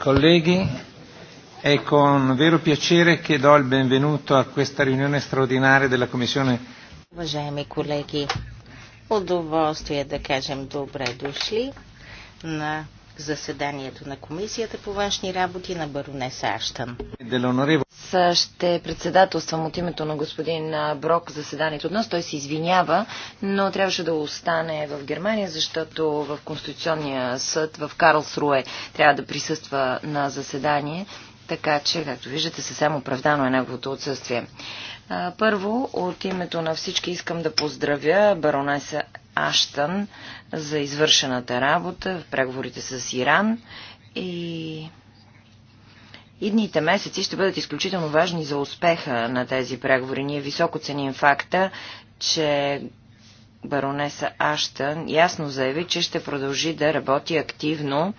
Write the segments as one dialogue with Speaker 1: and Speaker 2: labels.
Speaker 1: colleghi, è con vero
Speaker 2: piacere che do il benvenuto a questa riunione straordinaria della Commissione.
Speaker 3: Уважаеми колеги, удоволствие да кажем добре дошли на
Speaker 4: заседанието на Комисията по външни работи на баронеса Аштън. Аз ще председателствам от името на господин Брок заседанието днес. Той се извинява, но трябваше да остане в Германия, защото в Конституционния съд в Карлсруе трябва да присъства на заседание. Така че, както виждате, съвсем оправдано е неговото отсъствие. Първо, от името на всички искам да поздравя баронеса Аштън за извършената работа в преговорите с Иран и Идните месеци ще бъдат изключително важни за успеха на тези преговори. Ние високо ценим факта, че баронеса Аштън ясно заяви, че ще продължи да работи активно,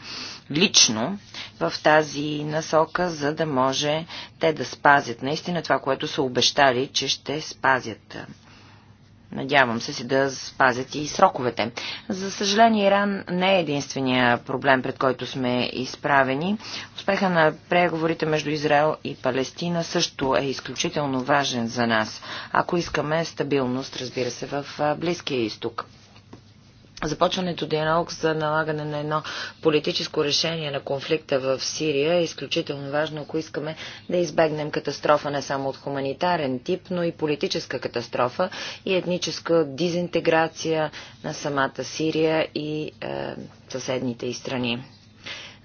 Speaker 3: лично
Speaker 4: в тази насока, за да може те да спазят наистина това, което са обещали, че ще спазят. Надявам се си да спазят и сроковете. За съжаление, Иран не е единствения проблем, пред който сме изправени. Успеха на преговорите между Израел и Палестина също е изключително важен за нас, ако искаме стабилност, разбира се, в Близкия изток. Започването диалог за налагане на едно политическо решение на конфликта в Сирия е изключително важно, ако искаме да избегнем катастрофа не само от хуманитарен тип, но и политическа катастрофа и етническа дизинтеграция на самата Сирия и е, съседните и страни.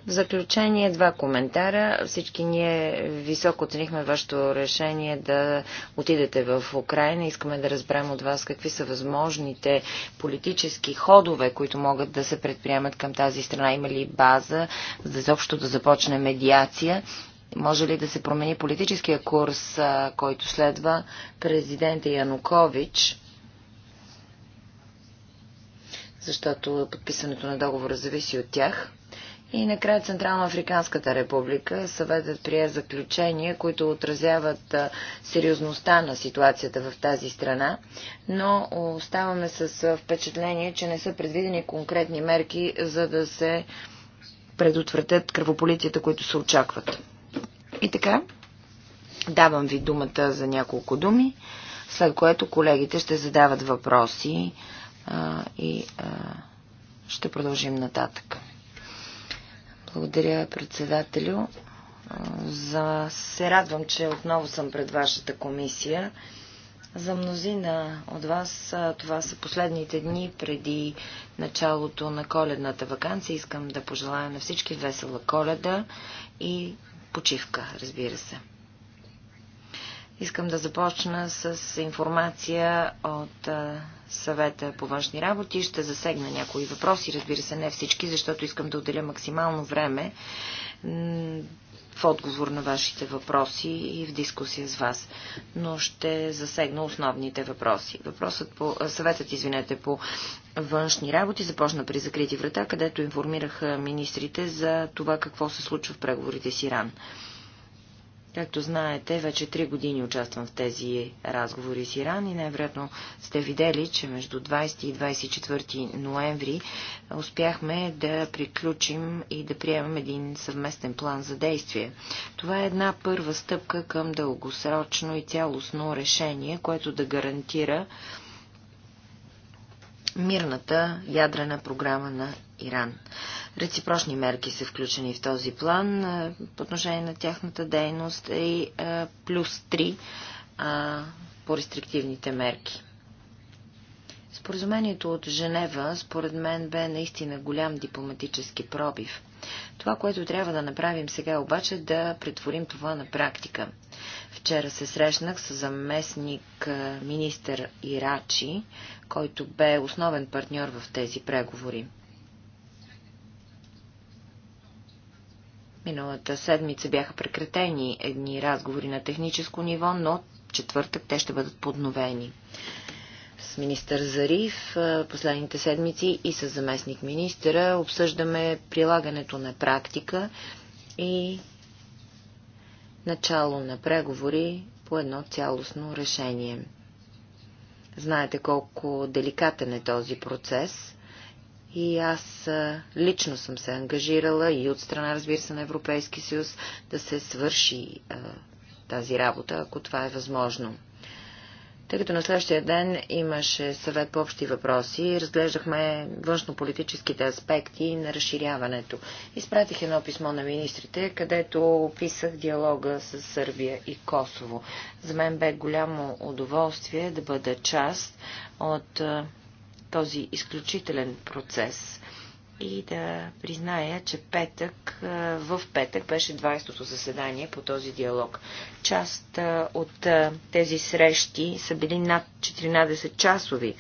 Speaker 4: В заключение два коментара. Всички ние високо оценихме вашето решение да отидете в Украина. Искаме да разберем от вас какви са възможните политически ходове, които могат да се предприемат към тази страна. Има ли база за изобщо да започне медиация? Може ли да се промени политическия курс, който следва президента Янукович? Защото подписването на договора зависи от тях. И накрая Централна Африканската република съветът прие заключения, които отразяват сериозността на ситуацията в тази страна, но оставаме с впечатление, че не са предвидени конкретни мерки, за да се предотвратят кръвополитията, които се очакват. И така, давам ви думата за няколко думи, след което колегите ще задават въпроси а, и а, ще продължим нататък. Благодаря, председателю. За... Се радвам, че отново съм пред вашата комисия. За мнозина от вас това са последните дни преди началото на коледната вакансия. Искам да пожелая на всички весела коледа и почивка, разбира се. Искам да започна с информация от съвета по външни работи. Ще засегна някои въпроси, разбира се, не всички, защото искам да отделя максимално време в отговор на вашите въпроси и в дискусия с вас. Но ще засегна основните въпроси. Въпросът по, съветът, извинете, по външни работи започна при закрити врата, където информираха министрите за това какво се случва в преговорите с Иран. Както знаете, вече три години участвам в тези разговори с Иран и най-вероятно сте видели, че между 20 и 24 ноември успяхме да приключим и да приемем един съвместен план за действие. Това е една първа стъпка към дългосрочно и цялостно решение, което да гарантира мирната ядрена програма на Иран. Реципрочни мерки са включени в този план по отношение на тяхната дейност и плюс 3 по рестриктивните мерки. Споразумението от Женева, според мен, бе наистина голям дипломатически пробив. Това, което трябва да направим сега е обаче е да претворим това на практика. Вчера се срещнах с заместник министър Ирачи, който бе основен партньор в тези преговори. Миналата седмица бяха прекратени едни разговори на техническо ниво, но четвъртък те ще бъдат подновени с министър Зариф последните седмици и с заместник министъра. Обсъждаме прилагането на практика и начало на преговори по едно цялостно решение. Знаете колко деликатен е този процес и аз лично съм се ангажирала и от страна, разбира се, на Европейски съюз да се свърши тази работа, ако това е възможно. Тъй като на следващия ден имаше съвет по общи въпроси, разглеждахме външно политическите аспекти на разширяването. Изпратих едно писмо на министрите, където описах диалога с Сърбия и Косово. За мен бе голямо удоволствие да бъда част от този изключителен процес и да призная, че петък, в петък беше 20-то заседание по този диалог. Част от тези срещи са били над 14 часови.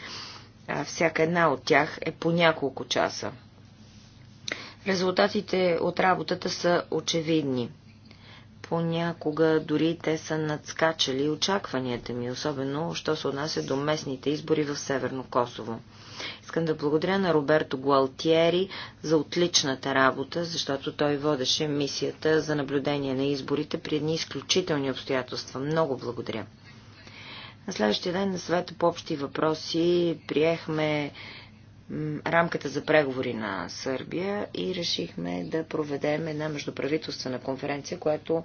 Speaker 4: Всяка една от тях е по няколко часа. Резултатите от работата са очевидни. Понякога дори те са надскачали очакванията ми, особено, що се отнася до местните избори в Северно Косово. Искам да благодаря на Роберто Гуалтиери за отличната работа, защото той водеше мисията за наблюдение на изборите при едни изключителни обстоятелства. Много благодаря. На следващия ден на съвета по общи въпроси приехме рамката за преговори на Сърбия и решихме да проведем една междуправителствена конференция, която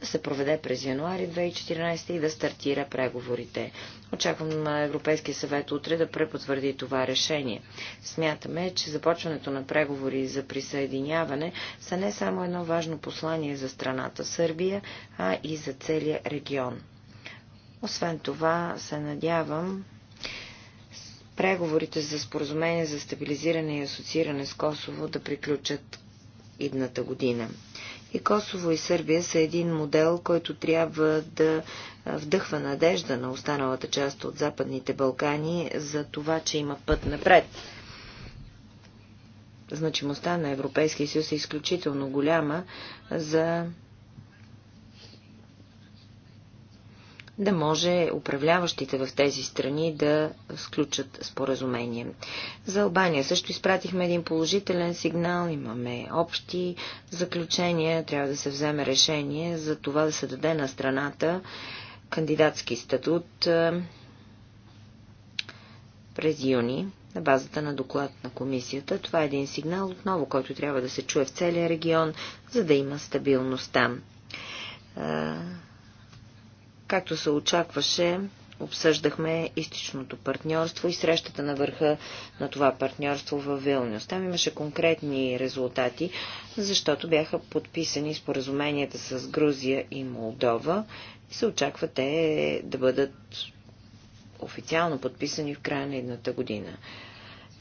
Speaker 4: да се проведе през януари 2014 и да стартира преговорите. Очаквам Европейския съвет утре да препотвърди това решение. Смятаме, че започването на преговори за присъединяване са не само едно важно послание за страната Сърбия, а и за целия регион. Освен това, се надявам преговорите за споразумение за стабилизиране и асоцииране с Косово да приключат идната година. И Косово и Сърбия са един модел, който трябва да вдъхва надежда на останалата част от Западните Балкани за това, че има път напред. Значимостта на Европейския съюз е изключително голяма за да може управляващите в тези страни да сключат споразумение. За Албания също изпратихме един положителен сигнал, имаме общи заключения, трябва да се вземе решение за това да се даде на страната кандидатски статут през юни на базата на доклад на комисията. Това е един сигнал отново, който трябва да се чуе в целия регион, за да има стабилност там. Както се очакваше, обсъждахме истичното партньорство и срещата на върха на това партньорство в Вилнюс. Там имаше конкретни резултати, защото бяха подписани споразуменията с Грузия и Молдова и се очаква те да бъдат официално подписани в края на едната година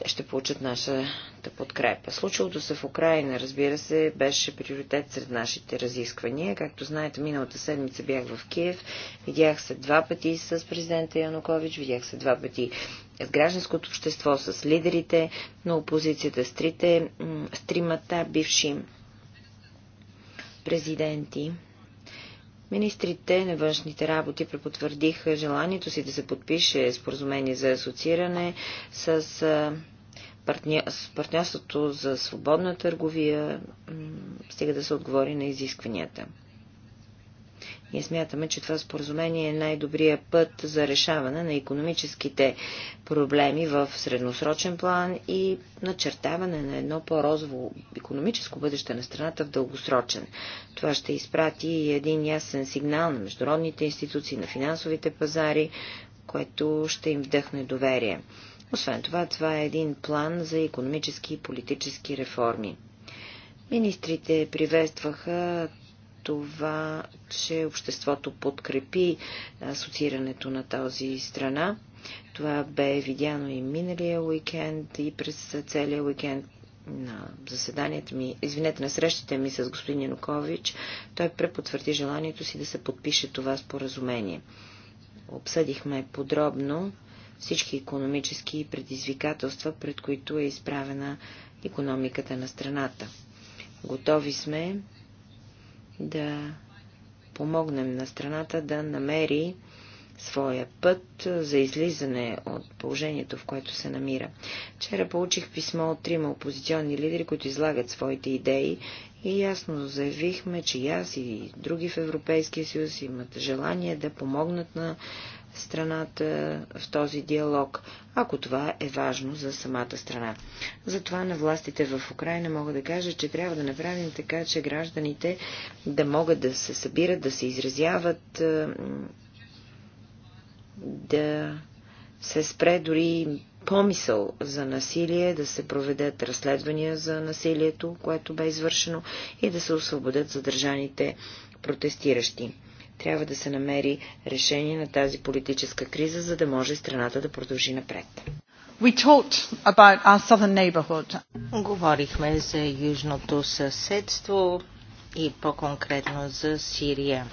Speaker 4: те ще получат нашата подкрепа. Случилото се в Украина, разбира се, беше приоритет сред нашите разисквания. Както знаете, миналата седмица бях в Киев, видях се два пъти с президента Янукович, видях се два пъти с гражданското общество, с лидерите на опозицията, с, трите, с тримата бивши президенти. Министрите на външните работи препотвърдиха желанието си да се подпише споразумение за асоцииране с с партньорството за свободна търговия стига да се отговори на изискванията. Ние смятаме, че това споразумение е най-добрия път за решаване на економическите проблеми в средносрочен план и начертаване на едно по-розово економическо бъдеще на страната в дългосрочен. Това ще изпрати и един ясен сигнал на международните институции, на финансовите пазари, което ще им вдъхне доверие. Освен това, това е един план за економически и политически реформи. Министрите приветстваха това, че обществото подкрепи асоциирането на тази страна. Това бе видяно и миналия уикенд, и през целия уикенд на заседанията ми, извинете, на срещите ми с господин Янукович, той препотвърди желанието си да се подпише това споразумение. Обсъдихме подробно всички економически предизвикателства, пред които е изправена економиката на страната. Готови сме да помогнем на страната да намери своя път за излизане от положението, в което се намира. Вчера получих писмо от трима опозиционни лидери, които излагат своите идеи и ясно заявихме, че и аз и други в Европейския съюз имат желание да помогнат на страната в този диалог, ако това е важно за самата страна. Затова на властите в Украина мога да кажа, че трябва да направим така, че гражданите да могат да се събират, да се изразяват, да се спре дори помисъл за насилие, да се проведат разследвания за насилието, което бе извършено и да се освободят задържаните протестиращи. Трябва да се намери решение на тази политическа криза, за да може страната да продължи напред.
Speaker 1: We talked about our southern neighborhood.
Speaker 3: Говорихме за южното съседство и по-конкретно за Сирия.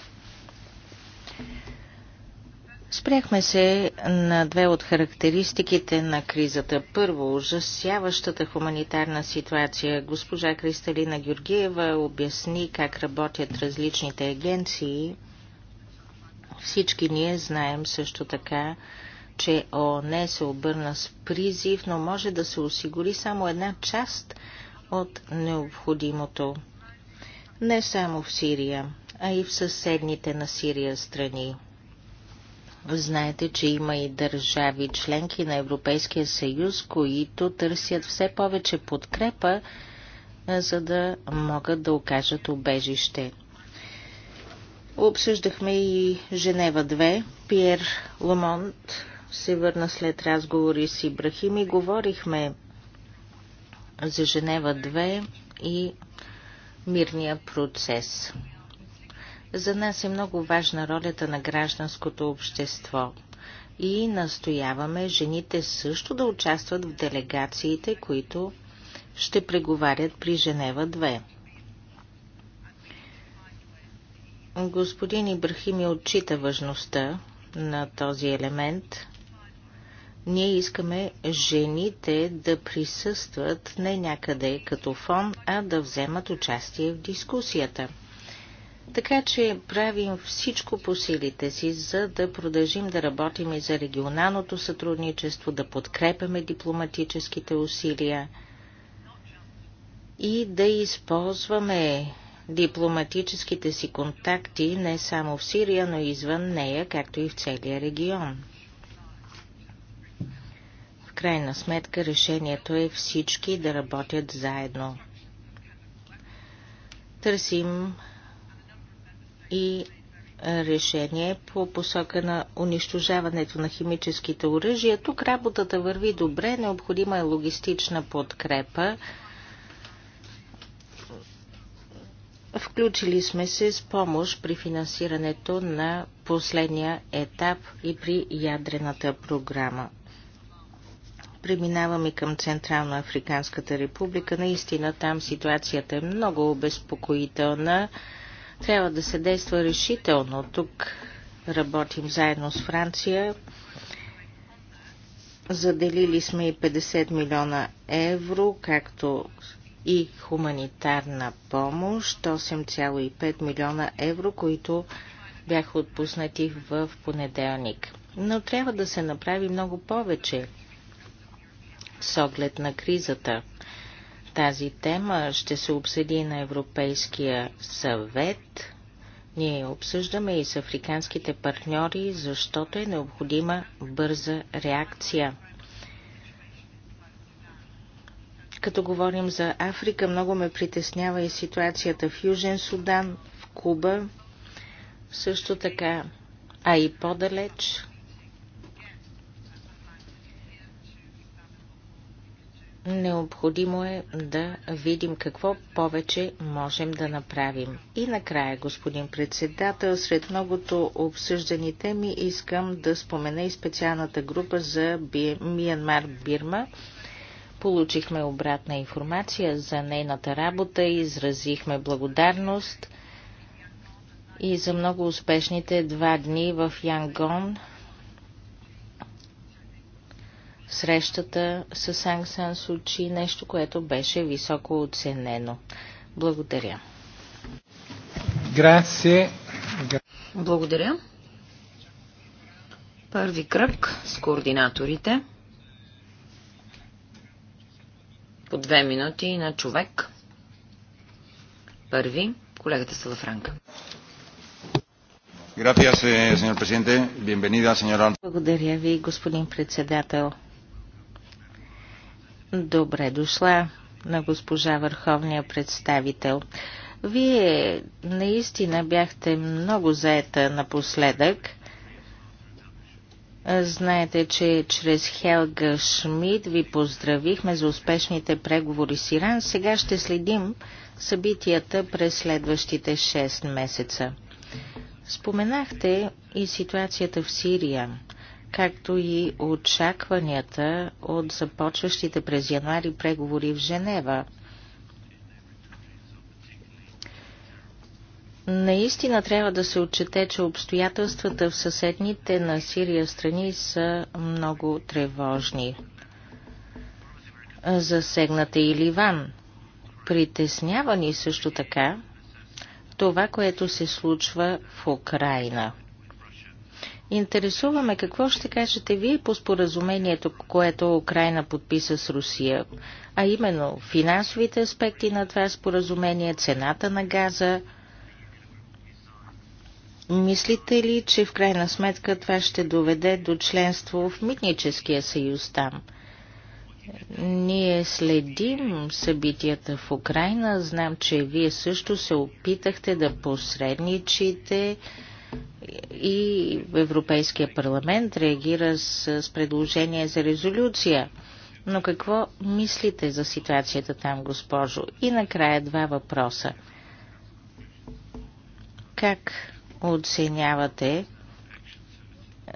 Speaker 3: Спряхме се на две от характеристиките на кризата. Първо, ужасяващата хуманитарна ситуация. Госпожа Кристалина Георгиева обясни как работят различните агенции – всички ние знаем също така, че ООН се обърна с призив, но може да се осигури само една част от необходимото. Не само в Сирия, а и в съседните на Сирия страни. Знаете, че има и държави, членки на Европейския съюз, които търсят все повече подкрепа, за да могат да окажат убежище. Обсъждахме и Женева 2. Пьер Ламонт се върна след разговори с Ибрахим и говорихме за Женева 2 и мирния процес. За нас е много важна ролята на гражданското общество и настояваме жените също да участват в делегациите, които ще преговарят при Женева 2. Господин Ибрахими отчита важността на този елемент. Ние искаме жените да присъстват не някъде като фон, а да вземат участие в дискусията. Така че правим всичко по силите си, за да продължим да работим и за регионалното сътрудничество, да подкрепяме дипломатическите усилия и да използваме дипломатическите си контакти не само в Сирия, но и извън нея, както и в целия регион. В крайна сметка решението е всички да работят заедно. Търсим и решение по посока на унищожаването на химическите оръжия. Тук работата върви добре, необходима е логистична подкрепа. Включили сме се с помощ при финансирането на последния етап и при ядрената програма. Преминаваме към Централно Африканската република. Наистина там ситуацията е много обезпокоителна. Трябва да се действа решително. Тук работим заедно с Франция. Заделили сме и 50 милиона евро, както и хуманитарна помощ 8,5 милиона евро, които бяха отпуснати в понеделник. Но трябва да се направи много повече с оглед на кризата. Тази тема ще се обсъди на Европейския съвет. Ние обсъждаме и с африканските партньори, защото е необходима бърза реакция. Като говорим за Африка, много ме притеснява и ситуацията в Южен Судан, в Куба, също така, а и по-далеч. Необходимо е да видим какво повече можем да направим. И накрая, господин председател, сред многото обсъждани теми искам да спомена и специалната група за Миянмар-Бирма. Би... Получихме обратна информация за нейната работа, и изразихме благодарност и за много успешните два дни в Янгон, срещата с Санг Сан Сучи, нещо, което беше високо оценено.
Speaker 4: Благодаря.
Speaker 5: Грация.
Speaker 4: Благодаря. Първи кръг с координаторите. по две минути на човек. Първи, колегата Салафранка.
Speaker 2: Eh,
Speaker 3: Благодаря ви, господин председател. Добре дошла на госпожа Върховния представител. Вие наистина бяхте много заета напоследък – Знаете, че чрез Хелга Шмид ви поздравихме за успешните преговори с Иран. Сега ще следим събитията през следващите 6 месеца. Споменахте и ситуацията в Сирия, както и очакванията от започващите през януари преговори в Женева – Наистина трябва да се отчете, че обстоятелствата в съседните на Сирия страни са много тревожни. Засегната е и Ливан. Притеснявани също така това, което се случва в Украина. Интересуваме какво ще кажете вие по споразумението, което Украина подписа с Русия, а именно финансовите аспекти на това споразумение, цената на газа, Мислите ли, че в крайна сметка това ще доведе до членство в Митническия съюз там? Ние следим събитията в Украина. Знам, че вие също се опитахте да посредничите и Европейския парламент реагира с предложение за резолюция. Но какво мислите за ситуацията там, госпожо? И накрая два въпроса. Как оценявате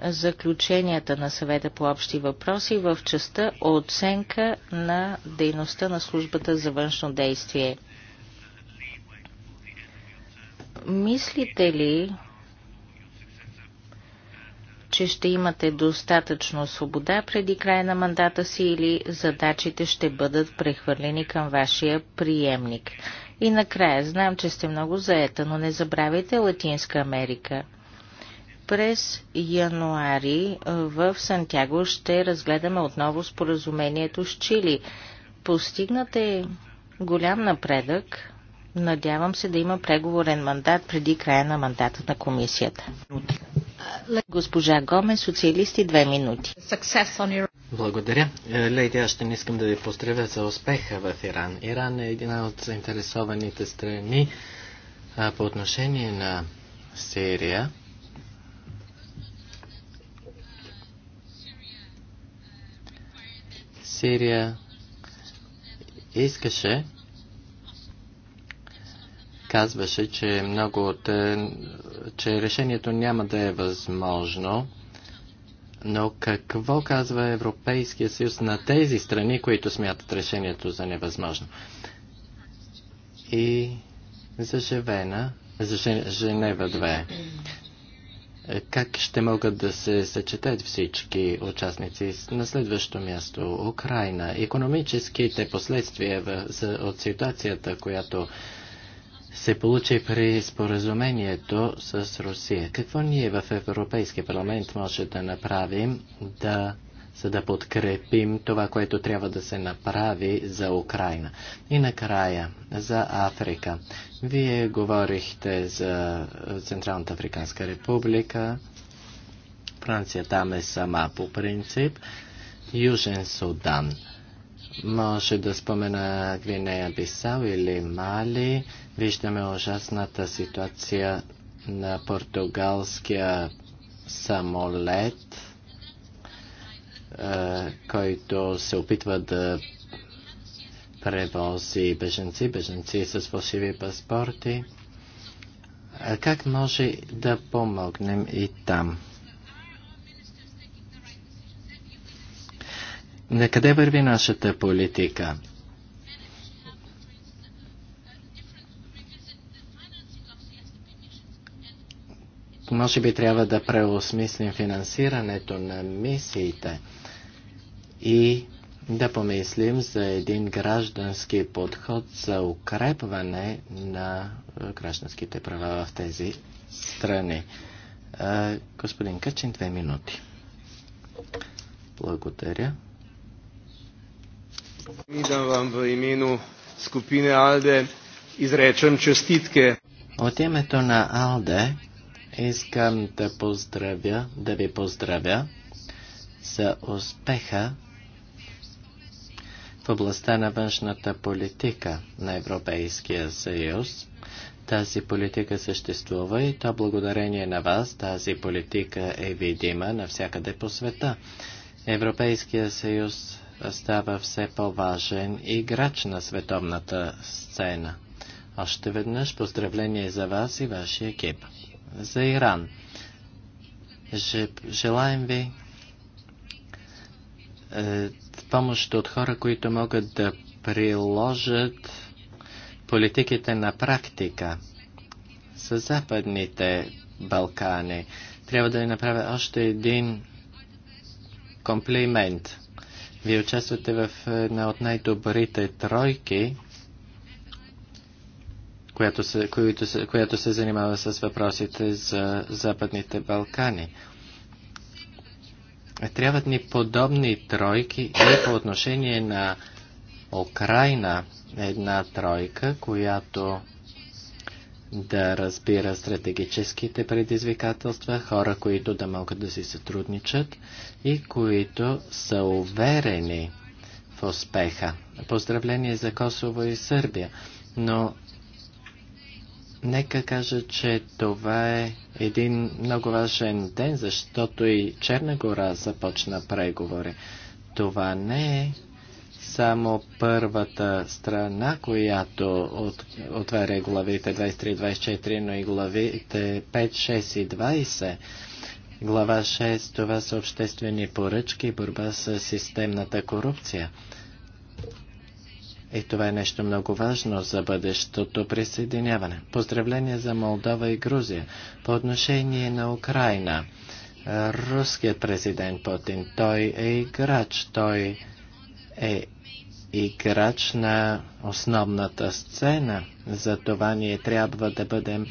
Speaker 3: заключенията на съвета по общи въпроси в частта оценка на дейността на службата за външно действие. Мислите ли, че ще имате достатъчно свобода преди края на мандата си или задачите ще бъдат прехвърлени към вашия приемник? И накрая, знам, че сте много заета, но не забравяйте Латинска Америка. През януари в Сантяго ще разгледаме отново споразумението с Чили. Постигнат е голям напредък. Надявам се да има преговорен мандат преди края на мандата на комисията. Госпожа Гоме, социалисти, две минути.
Speaker 5: Благодаря. Е, Лейди, аз ще не искам да ви поздравя за успеха в Иран. Иран е една от заинтересованите страни а, по отношение на Сирия. Сирия искаше, казваше, че много от, е, че решението няма да е възможно но какво казва Европейския съюз на тези страни, които смятат решението за невъзможно? И за живена, за Женева 2. Как ще могат да се съчетат всички участници? На следващо място Украина. Економическите последствия от ситуацията, която се получи при споразумението с Русия. Какво ние в Европейския парламент може да направим, да, за да подкрепим това, което трябва да се направи за Украина? И накрая, за Африка. Вие говорихте за Централната Африканска република. Франция там е сама по принцип. Южен Судан. Може да спомена Гвинея Бисал или Мали. Виждаме ужасната ситуация на португалския самолет, който се опитва да превози беженци, беженци с фалшиви паспорти. Как може да помогнем и там? на къде върви нашата политика? Може би трябва да преосмислим финансирането на мисиите и да помислим за един граждански подход за укрепване на е, гражданските права в тези страни. Е, господин Качин, две минути. Благодаря.
Speaker 2: И да вам в skupine Алде
Speaker 5: изречем честитке. От името на Алде искам да поздравя, да ви поздравя за успеха в областта на външната политика на Европейския съюз. Тази политика съществува и то благодарение на вас тази политика е видима навсякъде по света. Европейския съюз става все по-важен играч на световната сцена. Още веднъж поздравление за вас и вашия екип. За Иран. Желаем ви е, помощ от хора, които могат да приложат политиките на практика с Западните Балкани. Трябва да ви направя още един комплимент. Вие участвате в една от най-добрите тройки, която се, която, се, която се занимава с въпросите за Западните Балкани. Трябват ни подобни тройки и по отношение на Украина една тройка, която да разбира стратегическите предизвикателства, хора, които да могат да си сътрудничат и които са уверени в успеха. Поздравление за Косово и Сърбия, но нека кажа, че това е един много важен ден, защото и Черна гора започна преговори. Това не е само първата страна, която от, отваря главите 23-24, но и главите 5, 6 и 20. Глава 6 това са обществени поръчки, и борба с системната корупция. И това е нещо много важно за бъдещото присъединяване. Поздравления за Молдова и Грузия. По отношение на Украина, руският президент Путин, той е играч, той е играч на основната сцена. Затова ние трябва да бъдем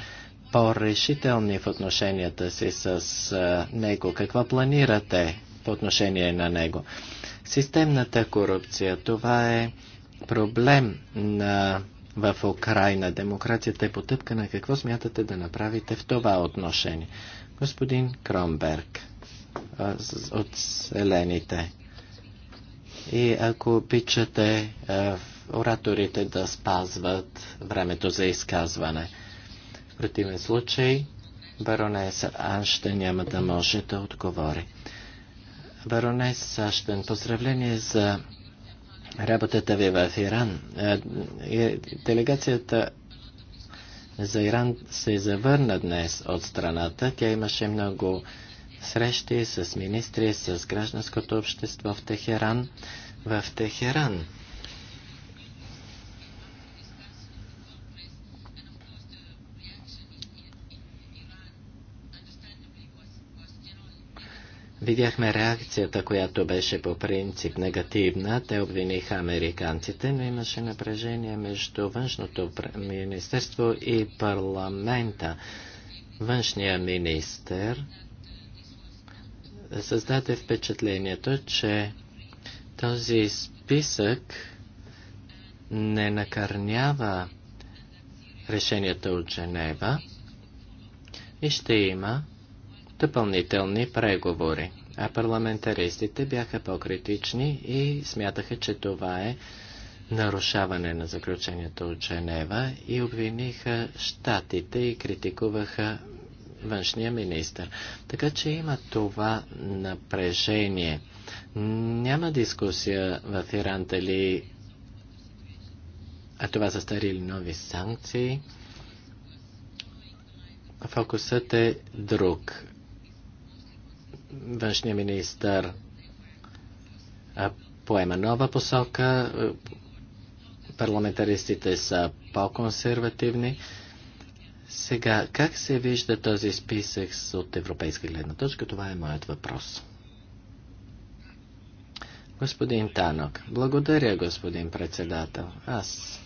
Speaker 5: по-решителни в отношенията си с него. Какво планирате по отношение на него? Системната корупция, това е проблем на, в Украина. Демокрацията е потъпкана. Какво смятате да направите в това отношение? Господин Кромберг от Зелените. И ако обичате е, ораторите да спазват времето за изказване. В противен случай баронеса Анщен няма да може да отговори. Баронеса Анщен, поздравление за работата ви в Иран. Е, е, делегацията за Иран се завърна днес от страната. Тя имаше много срещи с министри, с гражданското общество в Техеран. В Техеран. Видяхме реакцията, която беше по принцип негативна. Те обвиниха американците, но имаше напрежение между външното министерство и парламента. Външния министр създаде впечатлението, че този списък не накърнява решенията от Женева и ще има допълнителни преговори. А парламентаристите бяха по-критични и смятаха, че това е нарушаване на заключението от Женева и обвиниха щатите и критикуваха външния министр. Така че има това напрежение. Няма дискусия в Иран дали а това са стари или нови санкции. Фокусът е друг. Външният министр поема нова посока, парламентаристите са по-консервативни. Сега, как се вижда този списък от европейска гледна точка? Това е моят въпрос. Господин Танок, благодаря, господин председател. Аз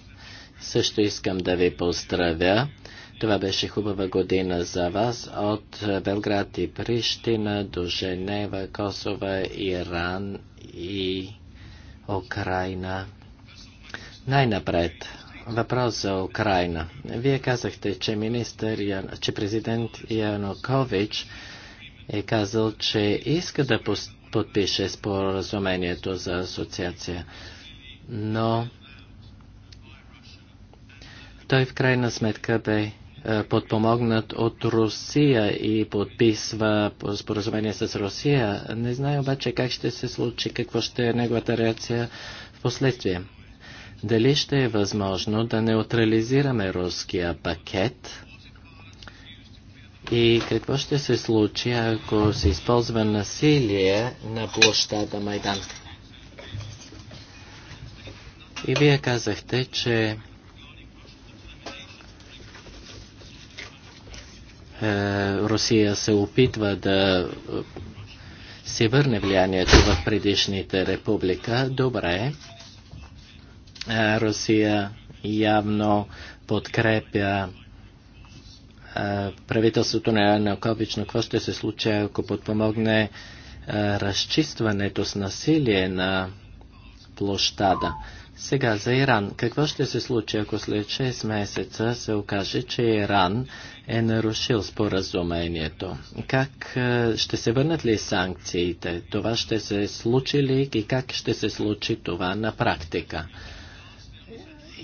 Speaker 5: също искам да ви поздравя. Това беше хубава година за вас от Белград и Прищина до Женева, Косова, Иран и Украина. Най-напред Въпрос за Украина. Вие казахте, че министър, че президент Янукович е казал, че иска да подпише споразумението за асоциация, но той в крайна сметка бе е, подпомогнат от Русия и подписва споразумение с Русия. Не знае обаче как ще се случи, какво ще е неговата реакция в последствие дали ще е възможно да неутрализираме руския пакет и какво ще се случи, ако се използва насилие на площада Майдан. И вие казахте, че е, Русия се опитва да е, си върне влиянието в предишните република. Добре. Е, Русия явно подкрепя е, правителството на Янукович, но какво ще се случи, ако подпомогне е, разчистването с насилие на площада? Сега за Иран. Какво ще се случи, ако след 6 месеца се окаже, че Иран е нарушил споразумението? Как ще се върнат ли санкциите? Това ще се случи ли и как ще се случи това на практика?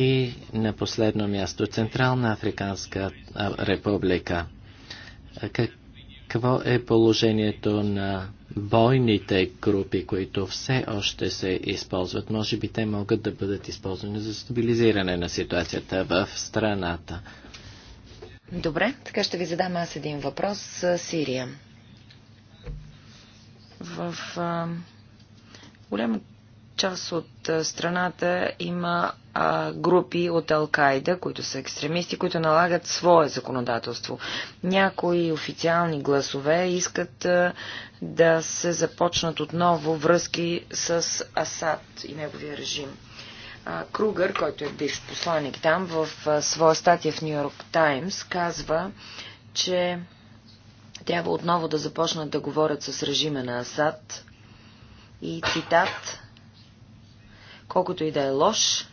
Speaker 5: И на последно място Централна Африканска република. Какво е положението на бойните групи, които все още се използват? Може би те могат да бъдат използвани за стабилизиране на ситуацията в страната.
Speaker 4: Добре, така ще ви задам аз един въпрос за Сирия. В а, голяма част от страната има групи от Алкайда, които са екстремисти, които налагат свое законодателство. Някои официални гласове искат да се започнат отново връзки с Асад и неговия режим. Кругър, който е бивш посланник там, в своя статия в Нью Йорк Таймс казва, че трябва отново да започнат да говорят с режима на Асад и цитат Колкото и да е лош,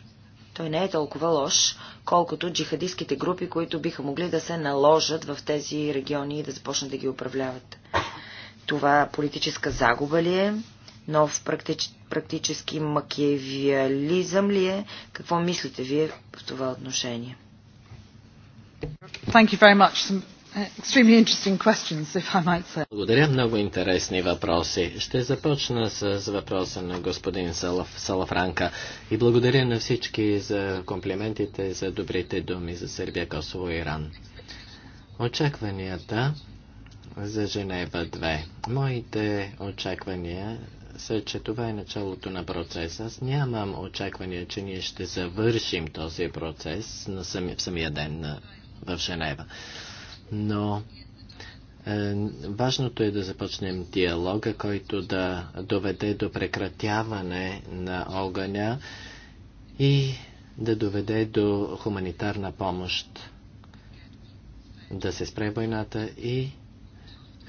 Speaker 4: той не е толкова лош, колкото джихадистските групи, които биха могли да се наложат в тези региони и да започнат да ги управляват. Това политическа загуба ли е? Нов практич... практически макиевиализъм ли е? Какво мислите вие в това отношение?
Speaker 1: Thank you very much. Uh,
Speaker 5: благодаря, много интересни въпроси. Ще започна с въпроса на господин Салаф, Салафранка и благодаря на всички за комплиментите, за добрите думи за Сърбия, Косово и Иран. Очакванията за Женева 2. Моите очаквания са, че това е началото на процеса. Аз нямам очаквания, че ние ще завършим този процес на самия, самия ден на, в Женева но е, важното е да започнем диалога, който да доведе до прекратяване на огъня и да доведе до хуманитарна помощ, да се спре войната и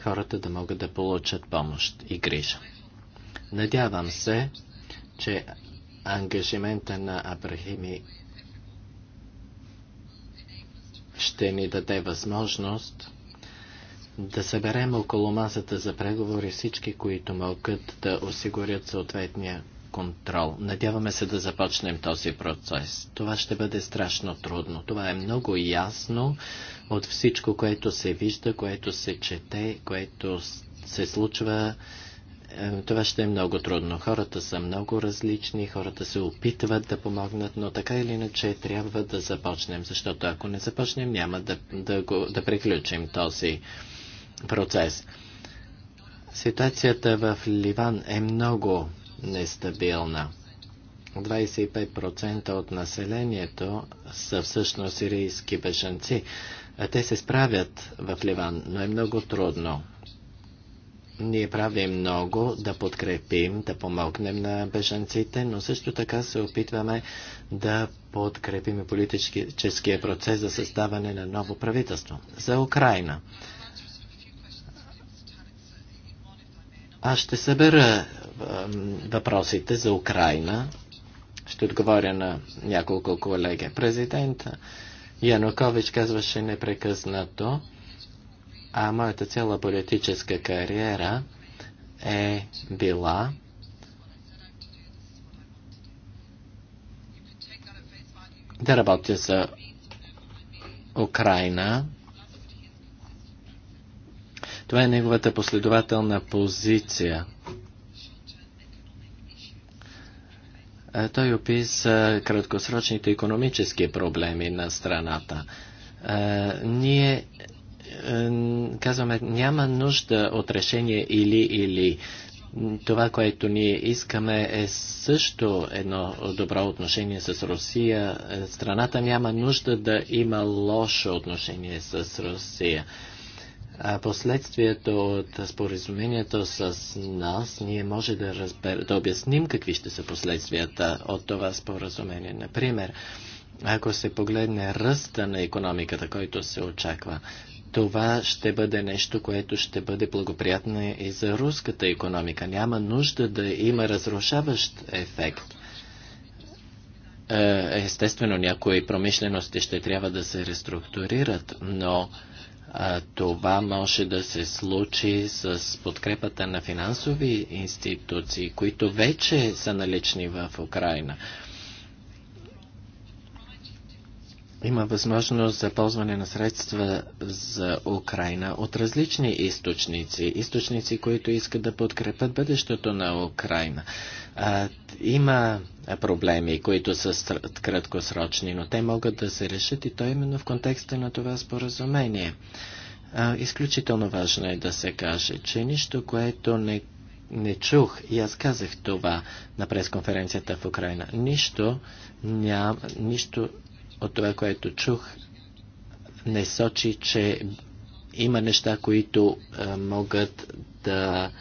Speaker 5: хората да могат да получат помощ и грижа. Надявам се, че ангажимента на Абрахими ще ни даде възможност да съберем около масата за преговори всички, които могат да осигурят съответния контрол. Надяваме се да започнем този процес. Това ще бъде страшно трудно. Това е много ясно от всичко, което се вижда, което се чете, което се случва е, това ще е много трудно. Хората са много различни, хората се опитват да помогнат, но така или иначе трябва да започнем, защото ако не започнем, няма да, да, го, да приключим този процес. Ситуацията в Ливан е много нестабилна. 25% от населението са всъщност сирийски бежанци. Те се справят в Ливан, но е много трудно. Ние правим много да подкрепим, да помогнем на бежанците, но също така се опитваме да подкрепим политическия процес за създаване на ново правителство. За Украина. Аз ще събера въпросите за Украина. Ще отговоря на няколко колеги. Президент Янукович казваше непрекъснато, а моята цяла политическа кариера е била да работя за Украина. Това е неговата последователна позиция. Той описа краткосрочните економически проблеми на страната. Ние казваме, няма нужда от решение или-или. Това, което ние искаме е също едно добро отношение с Русия. Е, страната няма нужда да има лошо отношение с Русия. А последствието от споразумението с нас, ние може да, разбер, да обясним какви ще са последствията от това споразумение. Например, ако се погледне ръста на економиката, който се очаква, това ще бъде нещо, което ще бъде благоприятно и за руската економика. Няма нужда да има разрушаващ ефект. Е, естествено, някои промишлености ще трябва да се реструктурират, но това може да се случи с подкрепата на финансови институции, които вече са налични в Украина. има възможност за ползване на средства за Украина от различни източници. Източници, които искат да подкрепят бъдещето на Украина. А, има проблеми, които са краткосрочни, но те могат да се решат и то именно в контекста на това споразумение. А, изключително важно е да се каже, че нищо, което не, не чух, и аз казах това на пресконференцията в Украина, нищо, ням, нищо от това, което чух, не сочи, че има неща, които а, е, могат да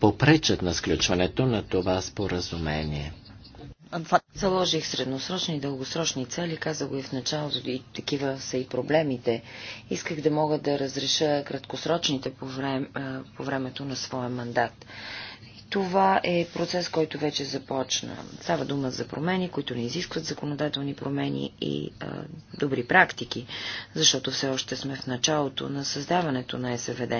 Speaker 5: попречат на сключването на това споразумение.
Speaker 4: Заложих средносрочни и дългосрочни цели, каза го и в началото, и такива са и проблемите. Исках да мога да разреша краткосрочните по, време, е, по времето на своя мандат. Това е процес, който вече започна. Става дума за промени, които не изискват законодателни промени и а, добри практики, защото все още сме в началото на създаването на СВД.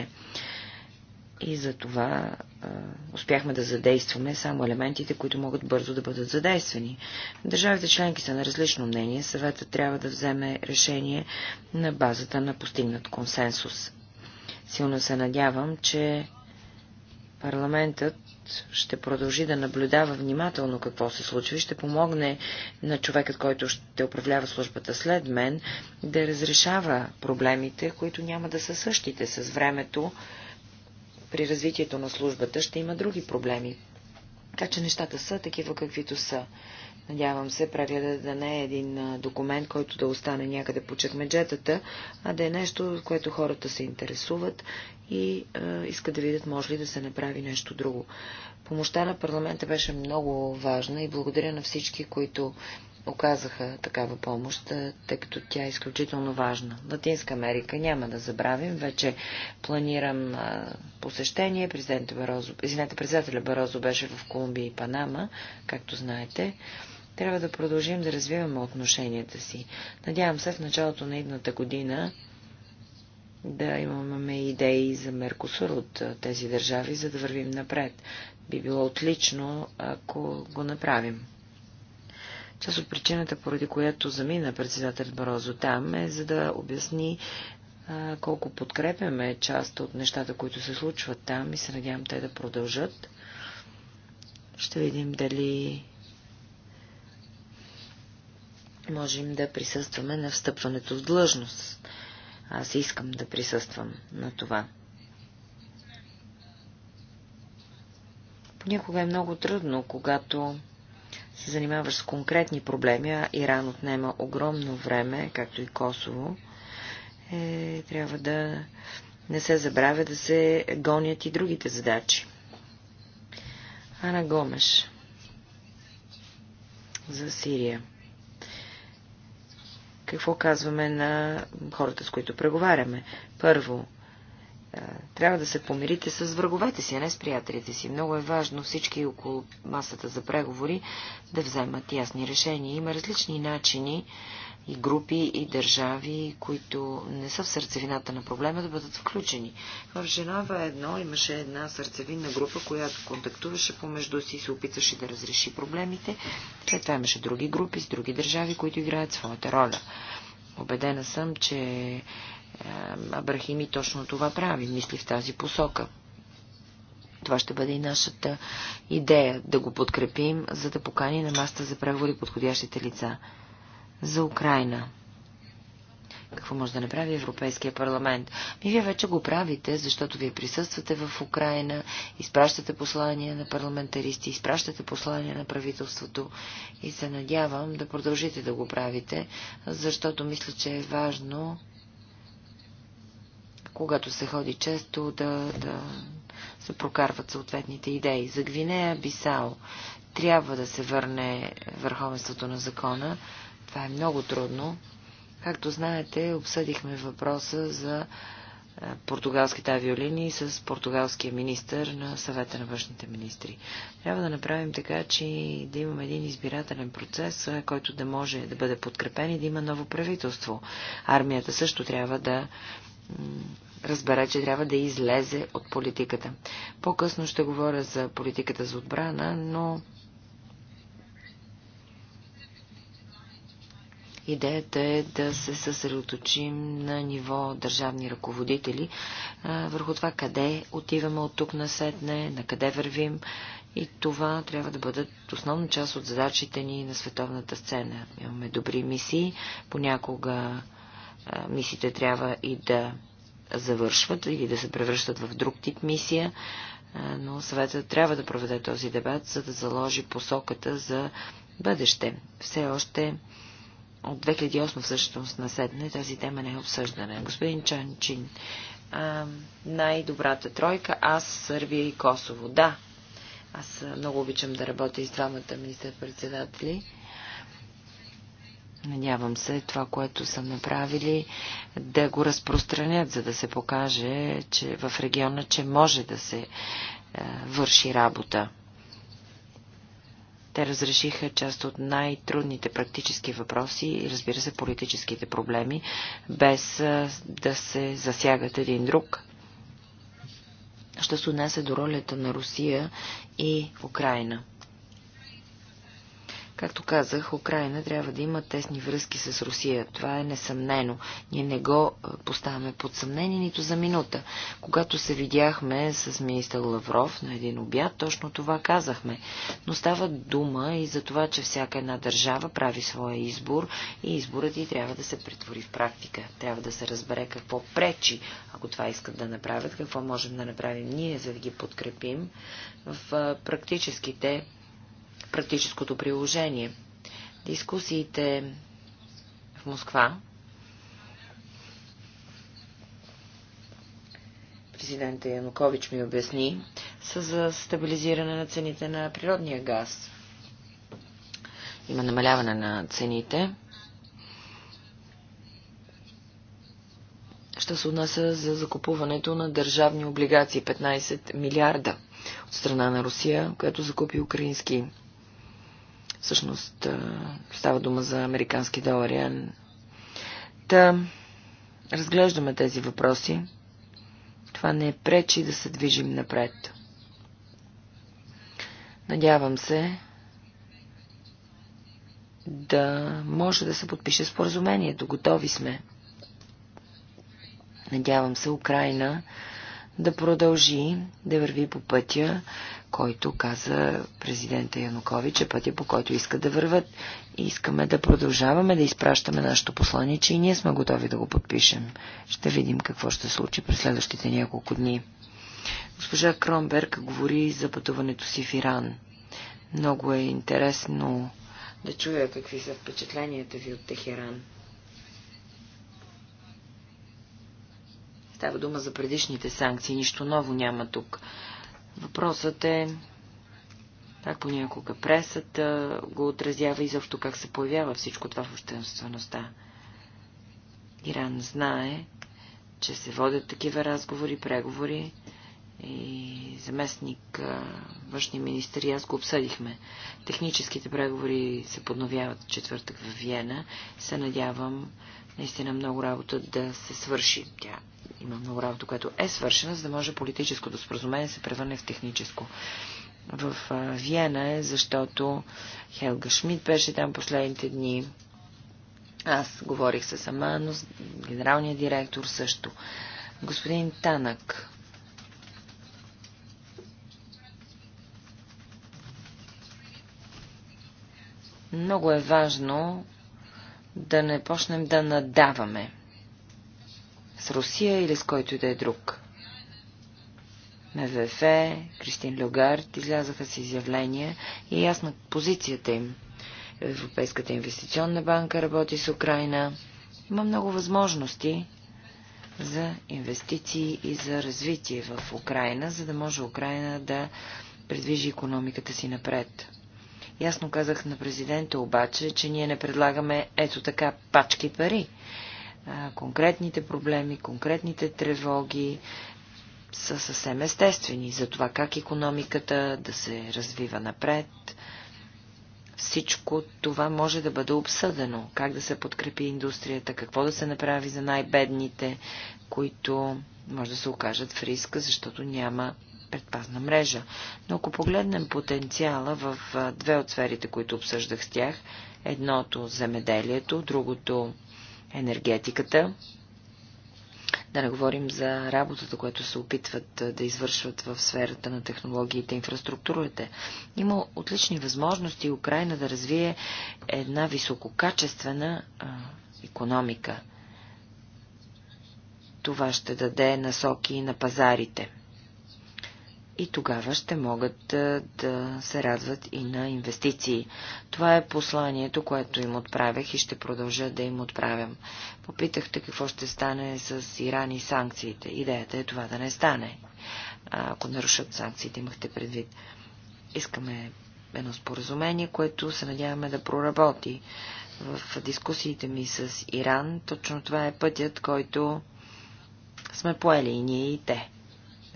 Speaker 4: И за това а, успяхме да задействаме само елементите, които могат бързо да бъдат задействани. Държавите членки са на различно мнение. Съветът трябва да вземе решение на базата на постигнат консенсус. Силно се надявам, че парламентът ще продължи да наблюдава внимателно какво се случва и ще помогне на човекът, който ще управлява службата след мен, да разрешава проблемите, които няма да са същите с времето. При развитието на службата ще има други проблеми. Така че нещата са такива, каквито са. Надявам се прегледа да не е един документ, който да остане някъде по чекмеджетата, а да е нещо, което хората се интересуват и е, искат да видят може ли да се направи нещо друго. Помощта на парламента беше много важна и благодаря на всички, които оказаха такава помощ, тъй като тя е изключително важна. Латинска Америка няма да забравим. Вече планирам посещение. Президента Барозо, извинете, председателя Барозо беше в Колумбия и Панама, както знаете. Трябва да продължим да развиваме отношенията си. Надявам се в началото на едната година да имаме идеи за Меркосур от тези държави, за да вървим напред. Би било отлично, ако го направим. Част от причината, поради която замина председател Барозо там, е за да обясни колко подкрепяме част от нещата, които се случват там и се надявам те да продължат. Ще видим дали можем да присъстваме на встъпването в длъжност. Аз искам да присъствам на това. Понякога е много трудно, когато се занимаваш с конкретни проблеми, а Иран отнема огромно време, както и Косово, е, трябва да не се забравя да се гонят и другите задачи. Ана Гомеш за Сирия какво казваме на хората, с които преговаряме. Първо, трябва да се помирите с враговете си, а не с приятелите си. Много е важно всички около масата за преговори да вземат ясни решения. Има различни начини и групи и държави, които не са в сърцевината на проблема, да бъдат включени. В Женава едно имаше една сърцевинна група, която контактуваше помежду си и се опитваше да разреши проблемите. След това имаше други групи с други държави, които играят своята роля. Обедена съм, че Абрахими точно това прави, мисли в тази посока. Това ще бъде и нашата идея да го подкрепим, за да покани на маста за преговори подходящите лица за Украина. Какво може да направи Европейския парламент? Ми вие вече го правите, защото вие присъствате в Украина, изпращате послания на парламентаристи, изпращате послания на правителството и се надявам да продължите да го правите, защото мисля, че е важно, когато се ходи често, да, да се прокарват съответните идеи. За Гвинея Бисао трябва да се върне върховенството на закона, това е много трудно. Както знаете, обсъдихме въпроса за е, португалските авиолинии с португалския министр на съвета на външните министри. Трябва да направим така, че да имаме един избирателен процес, е, който да може да бъде подкрепен и да има ново правителство. Армията също трябва да разбере, че трябва да излезе от политиката. По-късно ще говоря за политиката за отбрана, но Идеята е да се съсредоточим на ниво държавни ръководители върху това къде отиваме от тук на сетне, на къде вървим и това трябва да бъдат основна част от задачите ни на световната сцена. Имаме добри мисии, понякога мисиите трябва и да завършват или да се превръщат в друг тип мисия, но съветът трябва да проведе този дебат, за да заложи посоката за бъдеще. Все още от 2008 всъщност на седне тази тема не е обсъждана. Господин Чанчин, най-добрата тройка, аз, Сърбия и Косово. Да, аз много обичам да работя и с двамата министър-председатели. Надявам се това, което са направили, да го разпространят, за да се покаже че в региона, че може да се върши работа. Те разрешиха част от най-трудните практически въпроси и разбира се политическите проблеми, без да се засягат един друг. Що се отнесе до ролята на Русия и Украина. Както казах, Украина трябва да има тесни връзки с Русия. Това е несъмнено. Ние не го поставяме под съмнение нито за минута. Когато се видяхме с министър Лавров на един обяд, точно това казахме. Но става дума и за това, че всяка една държава прави своя избор и изборът и трябва да се претвори в практика. Трябва да се разбере какво пречи, ако това искат да направят, какво можем да направим ние, за да ги подкрепим в практическите практическото приложение. Дискусиите в Москва президента Янукович ми обясни, са за стабилизиране на цените на природния газ. Има намаляване на цените. Ще се отнася за закупуването на държавни облигации 15 милиарда от страна на Русия, която закупи украински Всъщност става дума за американски долари. Та разглеждаме тези въпроси. Това не е пречи да се движим напред. Надявам се да може да се подпише споразумението. Готови сме. Надявам се Украина да продължи да върви по пътя, който каза президента Янукович, е пътя по който иска да върват. И искаме да продължаваме да изпращаме нашето послание, че и ние сме готови да го подпишем. Ще видим какво ще случи през следващите няколко дни. Госпожа Кромберг говори за пътуването си в Иран. Много е интересно да чуя какви са впечатленията ви от Техеран. Става дума за предишните санкции. Нищо ново няма тук. Въпросът е как понякога пресата го отразява и защо как се появява всичко това в обществеността. Иран знае, че се водят такива разговори, преговори и заместник външния министр и аз го обсъдихме. Техническите преговори се подновяват четвъртък в Виена. Се надявам наистина много работа да се свърши. Тя има много работа, която е свършена, за да може политическото споразумение да се превърне в техническо. В Виена е, защото Хелга Шмидт беше там последните дни. Аз говорих с сама, но генералният директор също. Господин Танък. Много е важно да не почнем да надаваме с Русия или с който и да е друг. МВФ, Кристин Люгард излязаха с изявления и ясна позицията им. Европейската инвестиционна банка работи с Украина. Има много възможности за инвестиции и за развитие в Украина, за да може Украина да предвижи економиката си напред. Ясно казах на президента обаче, че ние не предлагаме ето така пачки пари. Конкретните проблеми, конкретните тревоги са съвсем естествени за това как економиката да се развива напред. Всичко това може да бъде обсъдено. Как да се подкрепи индустрията, какво да се направи за най-бедните, които може да се окажат в риска, защото няма предпазна мрежа. Но ако погледнем потенциала в две от сферите, които обсъждах с тях, едното земеделието, другото енергетиката, да не говорим за работата, която се опитват да извършват в сферата на технологиите и инфраструктурите. Има отлични възможности Украина да развие една висококачествена економика. Това ще даде насоки на пазарите и тогава ще могат да, да се радват и на инвестиции. Това е посланието, което им отправях и ще продължа да им отправям. Попитахте какво ще стане с Иран и санкциите. Идеята е това да не стане, ако нарушат санкциите, имахте предвид. Искаме едно споразумение, което се надяваме да проработи. В дискусиите ми с Иран точно това е пътят, който сме поели и ние и те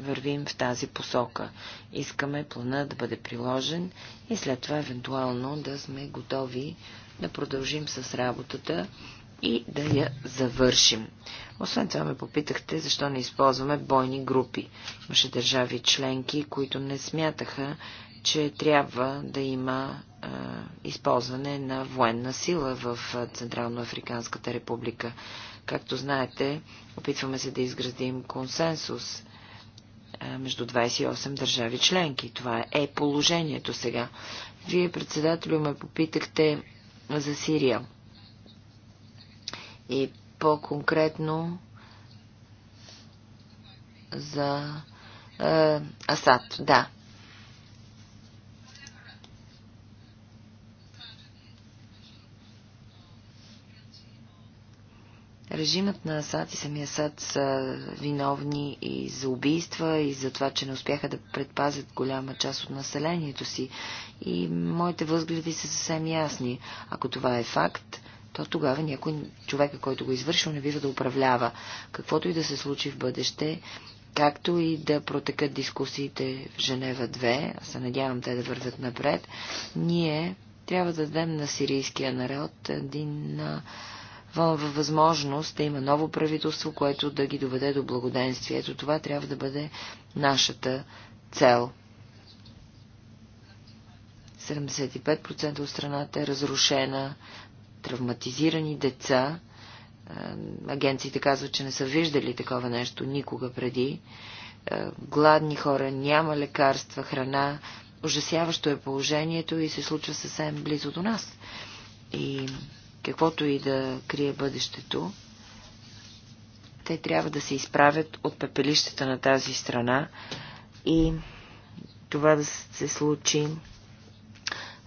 Speaker 4: вървим в тази посока. Искаме плана да бъде приложен и след това евентуално да сме готови да продължим с работата и да я завършим. Освен това ме попитахте, защо не използваме бойни групи. Имаше държави членки, които не смятаха, че трябва да има е, използване на военна сила в Централно-Африканската република. Както знаете, опитваме се да изградим консенсус е, между 28 държави членки. Това е положението сега. Вие, председателю, ме попитахте за Сирия. И по-конкретно за е, Асад. Да, Режимът на Асад и самия Асад са виновни и за убийства, и за това, че не успяха да предпазят голяма част от населението си. И моите възгледи са съвсем ясни. Ако това е факт, то тогава някой човека, който го извършил, не бива да управлява. Каквото и да се случи в бъдеще, както и да протекат дискусиите в Женева 2, се надявам те да вървят напред, ние трябва да дадем на сирийския народ един във възможност да има ново правителство, което да ги доведе до благоденствие. Ето това трябва да бъде нашата цел. 75% от страната е разрушена, травматизирани деца. Е, агенциите казват, че не са виждали такова нещо никога преди. Е, гладни хора, няма лекарства, храна. Ужасяващо е положението и се случва съвсем близо до нас. И каквото и да крие бъдещето, те трябва да се изправят от пепелищата на тази страна и това да се случи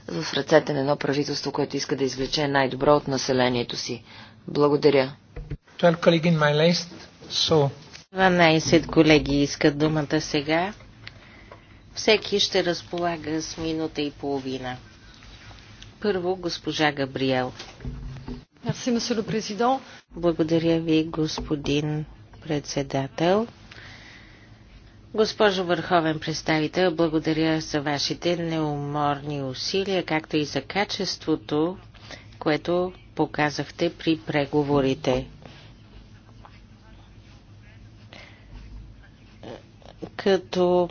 Speaker 4: в ръцете на едно правителство, което иска да извлече най-добро от населението си. Благодаря.
Speaker 1: 12 колеги my
Speaker 3: list, so... 12 колеги искат думата сега. Всеки ще разполага с минута и половина. Първо госпожа Габриел. Благодаря ви, господин председател. Госпожо Върховен представител, благодаря за вашите неуморни усилия, както и за качеството, което показахте при преговорите. Като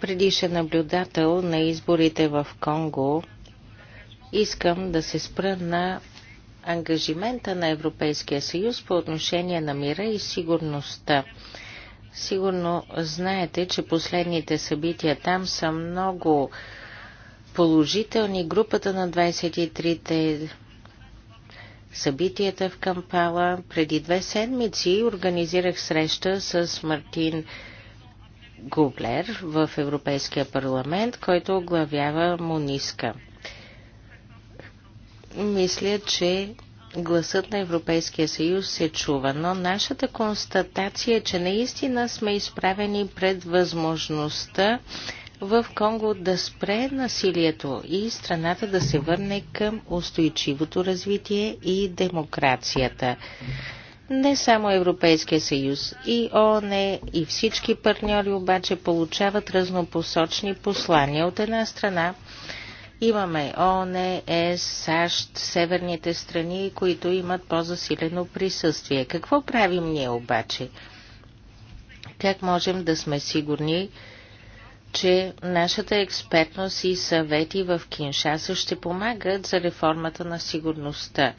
Speaker 3: предишен наблюдател на изборите в Конго, искам да се спра на ангажимента на Европейския съюз по отношение на мира и сигурността. Сигурно знаете, че последните събития там са много положителни. Групата на 23-те събитията в Кампала. Преди две седмици организирах среща с Мартин Гублер в Европейския парламент, който оглавява Муниска. Мисля, че гласът на Европейския съюз се чува, но нашата констатация е, че наистина сме изправени пред възможността в Конго да спре насилието и страната да се върне към устойчивото развитие и демокрацията. Не само Европейския съюз и ООН и всички партньори обаче получават разнопосочни послания от една страна Имаме ООН, ЕС, САЩ, северните страни, които имат по-засилено присъствие. Какво правим ние обаче? Как можем да сме сигурни, че нашата експертност и съвети в Киншаса ще помагат за реформата на сигурността?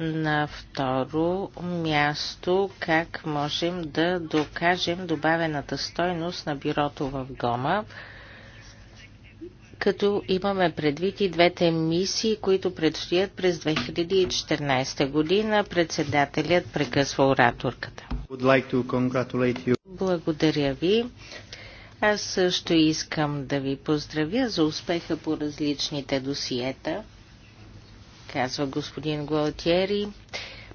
Speaker 3: На второ място, как можем да докажем добавената стойност на бюрото в Гома? като имаме предвид и двете мисии, които предстоят през 2014 година. Председателят прекъсва ораторката. Like Благодаря ви. Аз също искам да ви поздравя за успеха по различните досиета, казва господин Гуалтиери,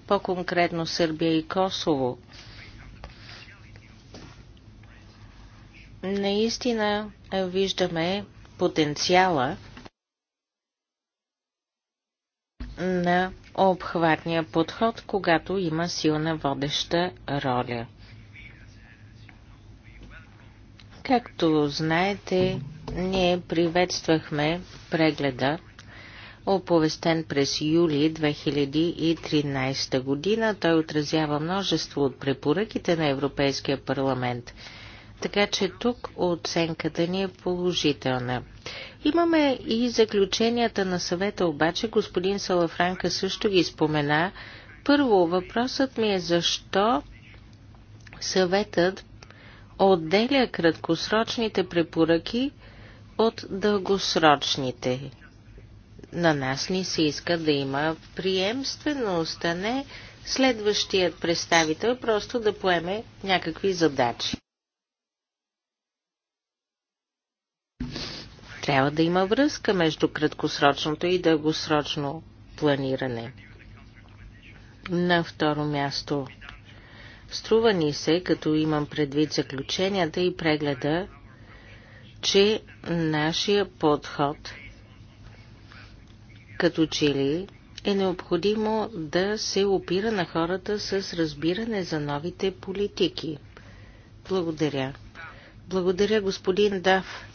Speaker 3: по-конкретно Сърбия и Косово. Наистина виждаме потенциала на обхватния подход, когато има силна водеща роля. Както знаете, ние приветствахме прегледа, оповестен през юли 2013 година. Той отразява множество от препоръките на Европейския парламент – така че тук оценката ни е положителна. Имаме и заключенията на съвета, обаче господин Салафранка също ги спомена. Първо, въпросът ми е защо съветът отделя краткосрочните препоръки от дългосрочните. На нас ни се иска да има приемственост, а не следващият представител просто да поеме някакви задачи. Трябва да има връзка между краткосрочното и дългосрочно планиране. На второ място. Струва ни се, като имам предвид заключенията и прегледа, че нашия подход като че ли е необходимо да се опира на хората с разбиране за новите политики. Благодаря. Благодаря, господин Дав.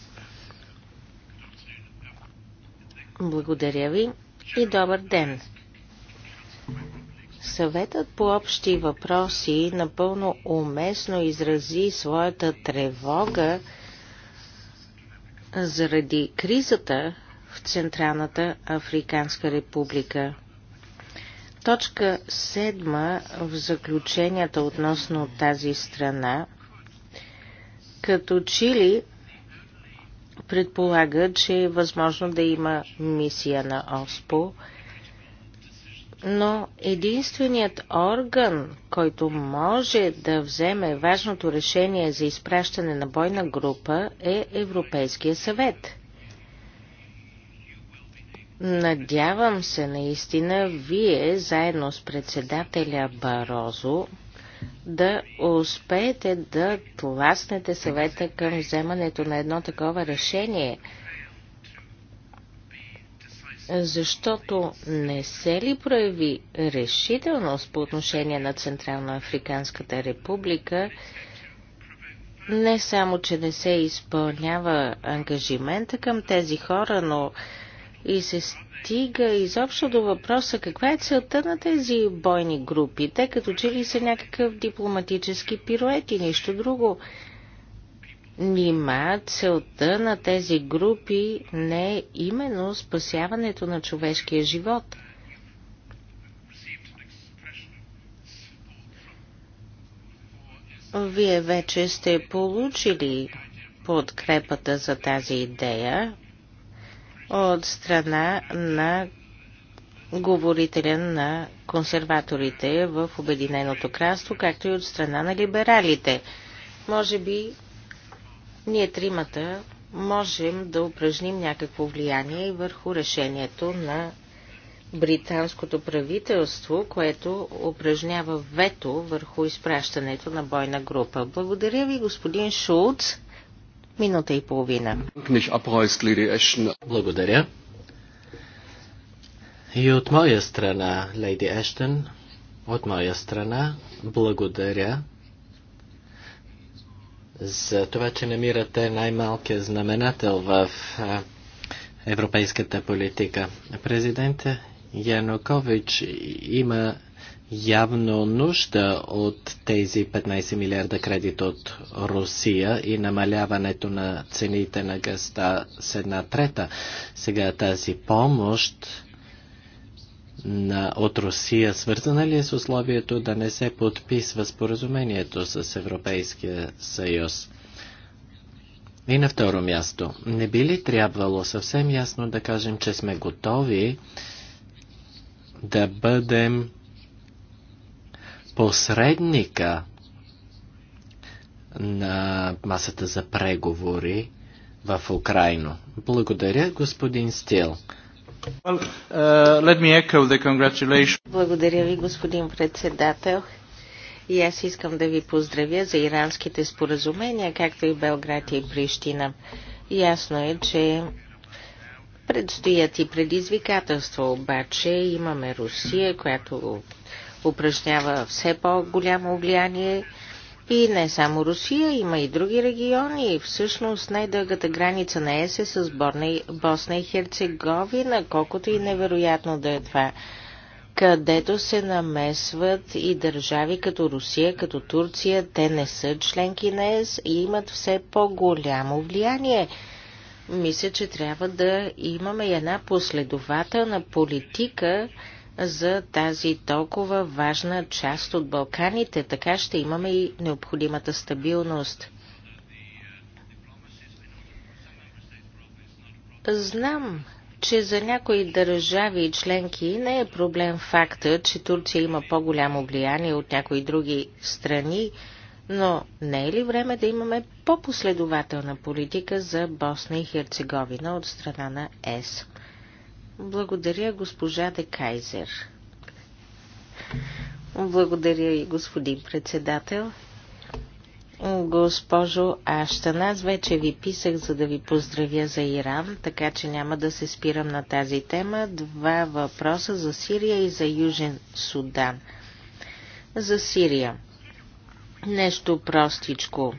Speaker 3: Благодаря ви и добър ден. Съветът по общи въпроси напълно уместно изрази своята тревога заради кризата в Централната Африканска република. Точка 7 в заключенията относно тази страна като Чили предполага, че е възможно да има мисия на ОСПО, но единственият орган, който може да вземе важното решение за изпращане на бойна група е Европейския съвет. Надявам се наистина вие, заедно с председателя Барозо, да успеете да тласнете съвета към вземането на едно такова решение. Защото не се ли прояви решителност по отношение на Централноафриканската република, не само, че не се изпълнява ангажимента към тези хора, но и се стига изобщо до въпроса каква е целта на тези бойни групи. Те като че ли са някакъв дипломатически пирует и нищо друго. Нима целта на тези групи не е именно спасяването на човешкия живот. Вие вече сте получили подкрепата за тази идея от страна на говорителя на консерваторите в Обединеното кралство, както и от страна на либералите. Може би ние тримата можем да упражним някакво влияние и върху решението на британското правителство, което упражнява вето върху изпращането на бойна група. Благодаря ви, господин Шулц. Минута и
Speaker 5: половина. Благодаря. И от моя страна, леди Ештен, от моя страна, благодаря за това, че намирате най-малкия знаменател в европейската политика. Президент Янукович има явно нужда от тези 15 милиарда кредит от Русия и намаляването на цените на гъста с една трета. Сега тази помощ на, от Русия свързана ли е с условието да не се подписва споразумението с Европейския съюз? И на второ място, не би ли трябвало съвсем ясно да кажем, че сме готови да бъдем посредника на масата за преговори в Украина. Благодаря, господин Стил.
Speaker 1: Well, uh,
Speaker 3: Благодаря ви, господин председател. И аз искам да ви поздравя за иранските споразумения, както и Белград и Прищина. Ясно е, че предстоят и предизвикателства, обаче имаме Русия, която упражнява все по-голямо влияние и не само Русия, има и други региони. Всъщност най-дългата граница на ЕС е с Босна и Херцеговина, колкото и невероятно да е това където се намесват и държави като Русия, като Турция, те не са членки на ЕС и имат все по-голямо влияние. Мисля, че трябва да имаме една последователна политика, за тази толкова важна част от Балканите. Така ще имаме и необходимата стабилност. Знам, че за някои държави и членки не е проблем факта, че Турция има по-голямо влияние от някои други страни, но не е ли време да имаме по-последователна политика за Босна и Херцеговина от страна на ЕС? Благодаря, госпожа Де Кайзер. Благодаря и господин председател. Госпожо Аштан, аз вече ви писах, за да ви поздравя за Иран, така че няма да се спирам на тази тема. Два въпроса за Сирия и за Южен Судан. За Сирия. Нещо простичко.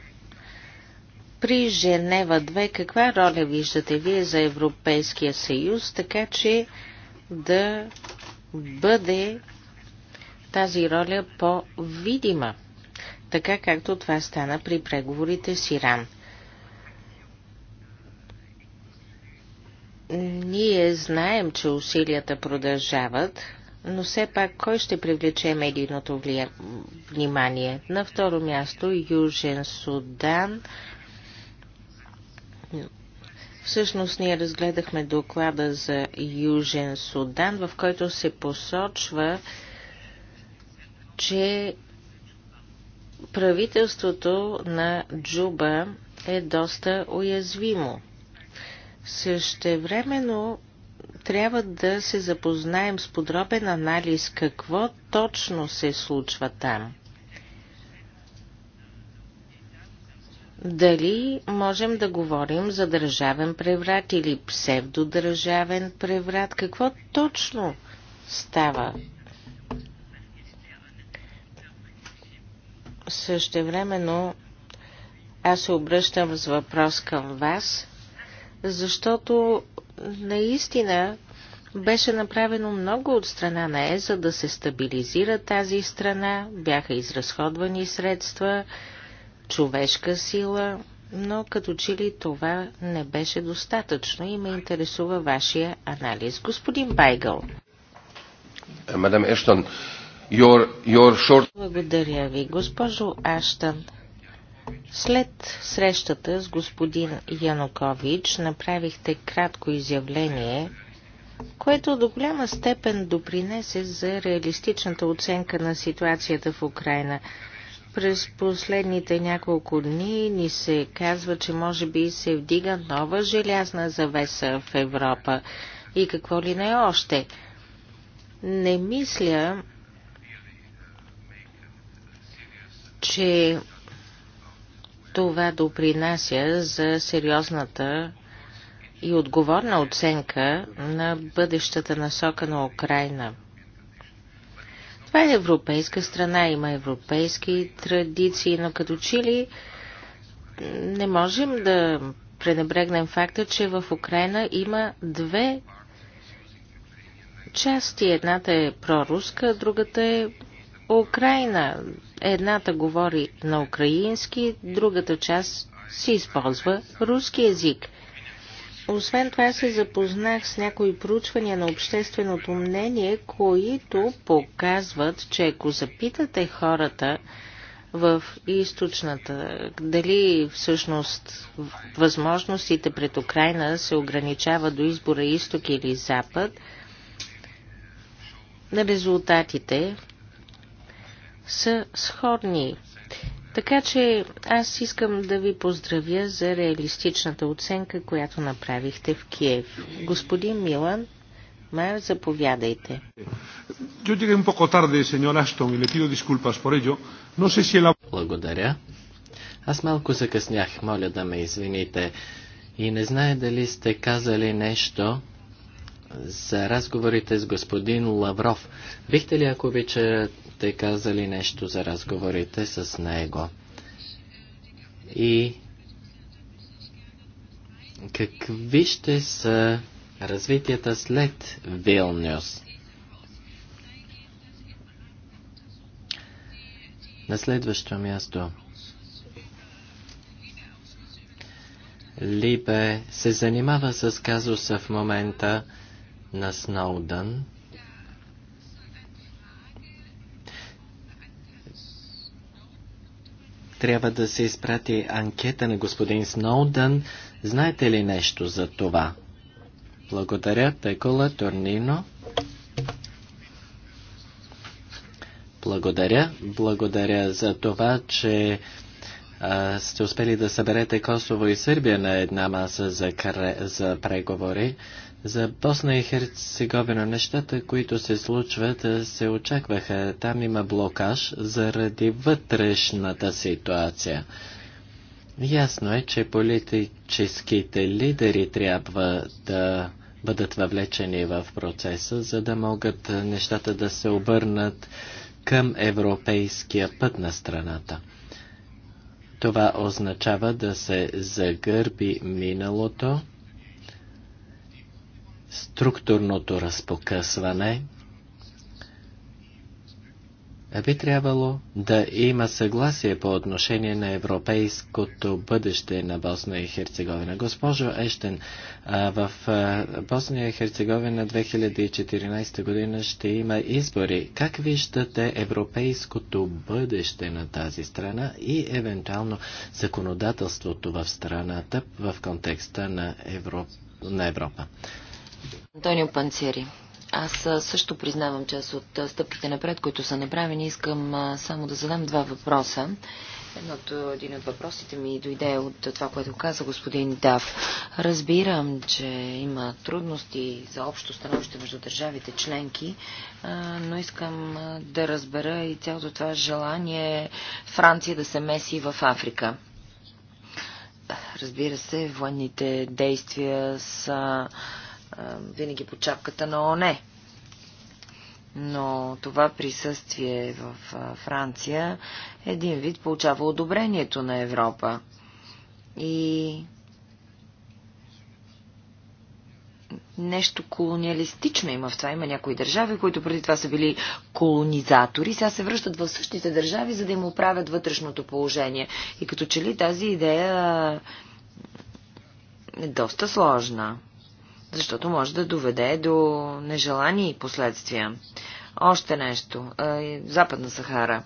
Speaker 3: При Женева 2 каква роля виждате вие за Европейския съюз, така че да бъде тази роля по-видима, така както това стана при преговорите с Иран? Ние знаем, че усилията продължават, но все пак кой ще привлече медийното влия... внимание? На второ място Южен Судан – Всъщност ние разгледахме доклада за Южен Судан, в който се посочва, че правителството на Джуба е доста уязвимо. времено трябва да се запознаем с подробен анализ какво точно се случва там – Дали можем да говорим за държавен преврат или псевдодържавен преврат? Какво точно става? Същевременно аз се обръщам с въпрос към вас, защото наистина беше направено много от страна на ЕЗА да се стабилизира тази страна, бяха изразходвани средства, човешка сила, но като че ли това не беше достатъчно и ме интересува вашия анализ. Господин Байгъл.
Speaker 2: Мадам Ештон, your, your short...
Speaker 3: Благодаря ви, госпожо Аштън. След срещата с господин Янукович направихте кратко изявление, което до голяма степен допринесе за реалистичната оценка на ситуацията в Украина. През последните няколко дни ни се казва, че може би се вдига нова желязна завеса в Европа и какво ли не още. Не мисля, че това допринася за сериозната и отговорна оценка на бъдещата насока на Украина – това е европейска страна, има европейски традиции, но като чили не можем да пренебрегнем факта, че в Украина има две части. Едната е проруска, другата е Украина. Едната говори на украински, другата част си използва руски език. Освен това се запознах с някои проучвания на общественото мнение, които показват, че ако запитате хората в източната, дали всъщност възможностите пред Украина се ограничават до избора изток или запад, резултатите са сходни така че аз искам да ви поздравя за реалистичната оценка, която направихте в Киев. Господин Милан, Майер, заповядайте.
Speaker 5: Благодаря. Аз малко закъснях, моля да ме извините. И не знае дали сте казали нещо за разговорите с господин Лавров. Бихте ли, ако обича, бяхте казали нещо за разговорите с него. И какви ще са развитията след Вилнюс? На следващо място. Либе се занимава с казуса в момента на Сноудън. трябва да се изпрати анкета на господин Сноудън. Знаете ли нещо за това? Благодаря, Пекола Торнино. Благодаря. Благодаря за това, че а, сте успели да съберете Косово и Сърбия на една маса за, кре... за преговори. За Босна и Херцеговина нещата, които се случват, се очакваха. Там има блокаж заради вътрешната ситуация. Ясно е, че политическите лидери трябва да бъдат въвлечени в процеса, за да могат нещата да се обърнат към европейския път на страната. Това означава да се загърби миналото, структурното разпокъсване, би трябвало да има съгласие по отношение на европейското бъдеще на Босна и Херцеговина. Госпожо Ещен, в Босния и Херцеговина 2014 година ще има избори. Как виждате европейското бъдеще на тази страна и евентуално законодателството в страната в контекста на, Европ... на Европа?
Speaker 4: Антонио Панцери. Аз също признавам част от стъпките напред, които са направени. Искам само да задам два въпроса. Едното, един от въпросите ми дойде от това, което каза господин Дав. Разбирам, че има трудности за общо становище между държавите членки, но искам да разбера и цялото това желание Франция да се меси в Африка. Разбира се, военните действия са винаги под чапката на ОНЕ. Но това присъствие в Франция един вид получава одобрението на Европа. И нещо колониалистично има в това. Има някои държави, които преди това са били колонизатори, сега се връщат в същите държави, за да им оправят вътрешното положение. И като че ли тази идея е доста сложна защото може да доведе до нежелани последствия. Още нещо. Западна Сахара.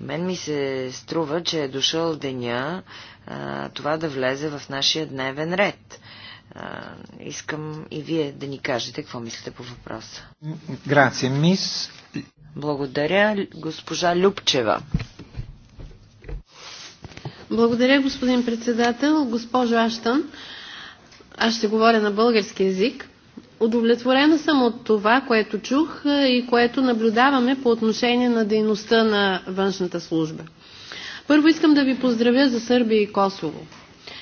Speaker 4: Мен ми се струва, че е дошъл деня това да влезе в нашия дневен ред. искам и вие да ни кажете какво мислите по въпроса. Грация, мис. Благодаря, госпожа Любчева.
Speaker 1: Благодаря, господин председател, госпожо Аштън. Аз ще говоря на български язик. Удовлетворена съм от това, което чух и което наблюдаваме по отношение на дейността на външната служба. Първо искам да ви поздравя за Сърбия и Косово.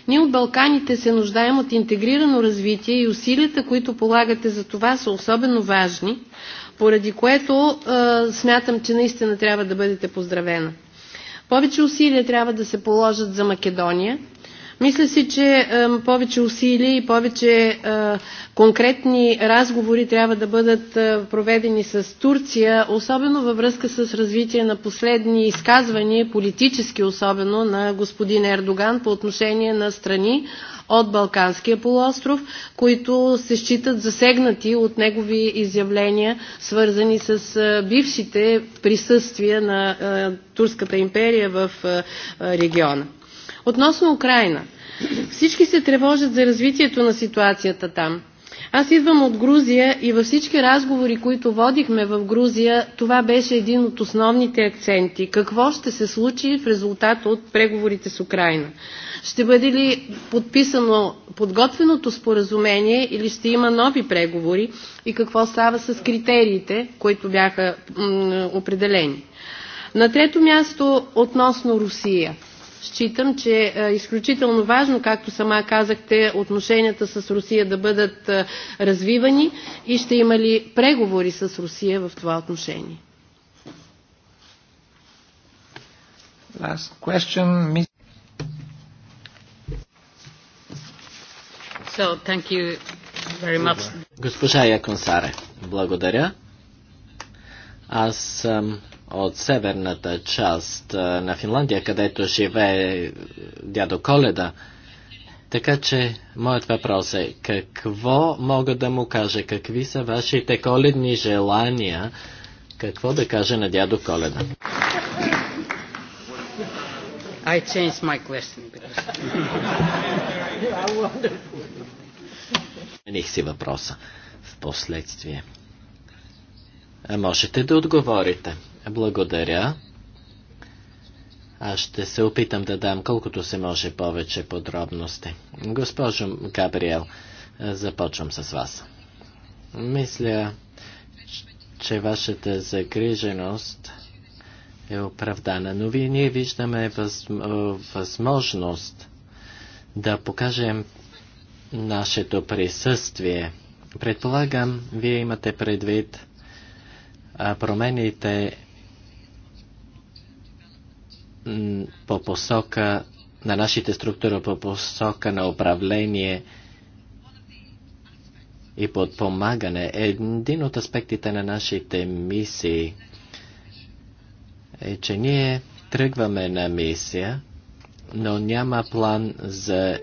Speaker 1: Ние от Балканите се нуждаем от интегрирано развитие и усилията, които полагате за това, са особено важни, поради което е, смятам, че наистина трябва да бъдете поздравена. Повече усилия трябва да се положат за Македония, мисля си, че повече усилия и повече е, конкретни разговори трябва да бъдат е, проведени с Турция, особено във връзка с развитие на последни изказвания, политически особено, на господин Ердоган по отношение на страни от Балканския полуостров, които се считат засегнати от негови изявления, свързани с е, бившите присъствия на Турската империя в региона. Относно Украина. Всички се тревожат за развитието на ситуацията там. Аз идвам от Грузия и във всички разговори, които водихме в Грузия, това беше един от основните акценти. Какво ще се случи в резултат от преговорите с Украина? Ще бъде ли подписано подготвеното споразумение или ще има нови преговори и какво става с критериите, които бяха определени? На трето място относно Русия. Считам, че е изключително важно, както сама казахте, отношенията с Русия да бъдат е, развивани и ще има ли преговори с Русия в това отношение? Last question, So, thank you very much.
Speaker 5: Госпожа Яконсаре, благодаря. Аз съм от северната част на Финландия, където живее е, дядо Коледа. Така че, моят въпрос е, какво мога да му кажа? Какви са вашите коледни желания? Какво да кажа на дядо Коледа? I changed my
Speaker 1: question because...
Speaker 5: Мених си въпроса в последствие. А можете да отговорите. Благодаря. Аз ще се опитам да дам колкото се може повече подробности. Госпожо Габриел, започвам с вас. Мисля, че вашата загриженост е оправдана, но вие ние виждаме въз, възможност да покажем нашето присъствие. Предполагам, вие имате предвид промените по посока на нашите структури, по посока на управление и подпомагане. Е един от аспектите на нашите мисии е, че ние тръгваме на мисия, но няма план за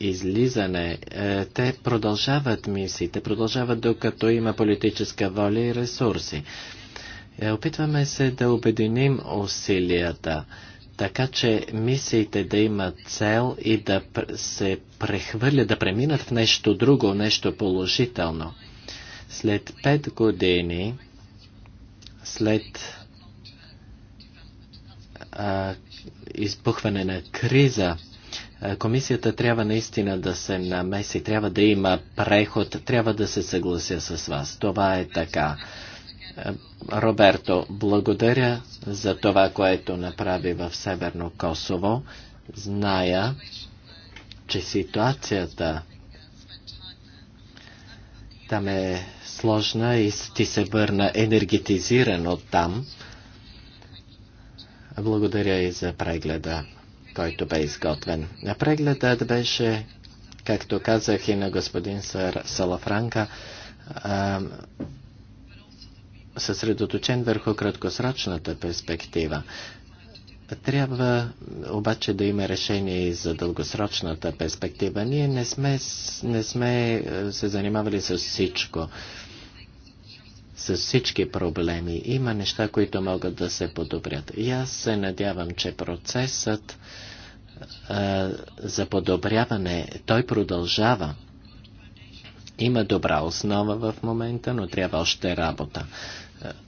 Speaker 5: излизане. Е, те продължават мисиите, продължават докато има политическа воля и ресурси. Е, опитваме се да обединим усилията, така че мисиите да имат цел и да се прехвърлят, да преминат в нещо друго, нещо положително. След пет години, след а, избухване на криза, Комисията трябва наистина да се намеси, трябва да има преход, трябва да се съглася с вас. Това е така. Е, Роберто, благодаря за това, което направи в Северно Косово. Зная, че ситуацията там е сложна и ти се върна енергетизиран от там. Благодаря и за прегледа, който бе изготвен. Прегледът беше, както казах и на господин Салафранка, съсредоточен върху краткосрочната перспектива. Трябва обаче да има решение и за дългосрочната перспектива. Ние не сме, не сме е, се занимавали с всичко, с всички проблеми. Има неща, които могат да се подобрят. И аз се надявам, че процесът а, е, за подобряване, той продължава. Има добра основа в момента, но трябва още работа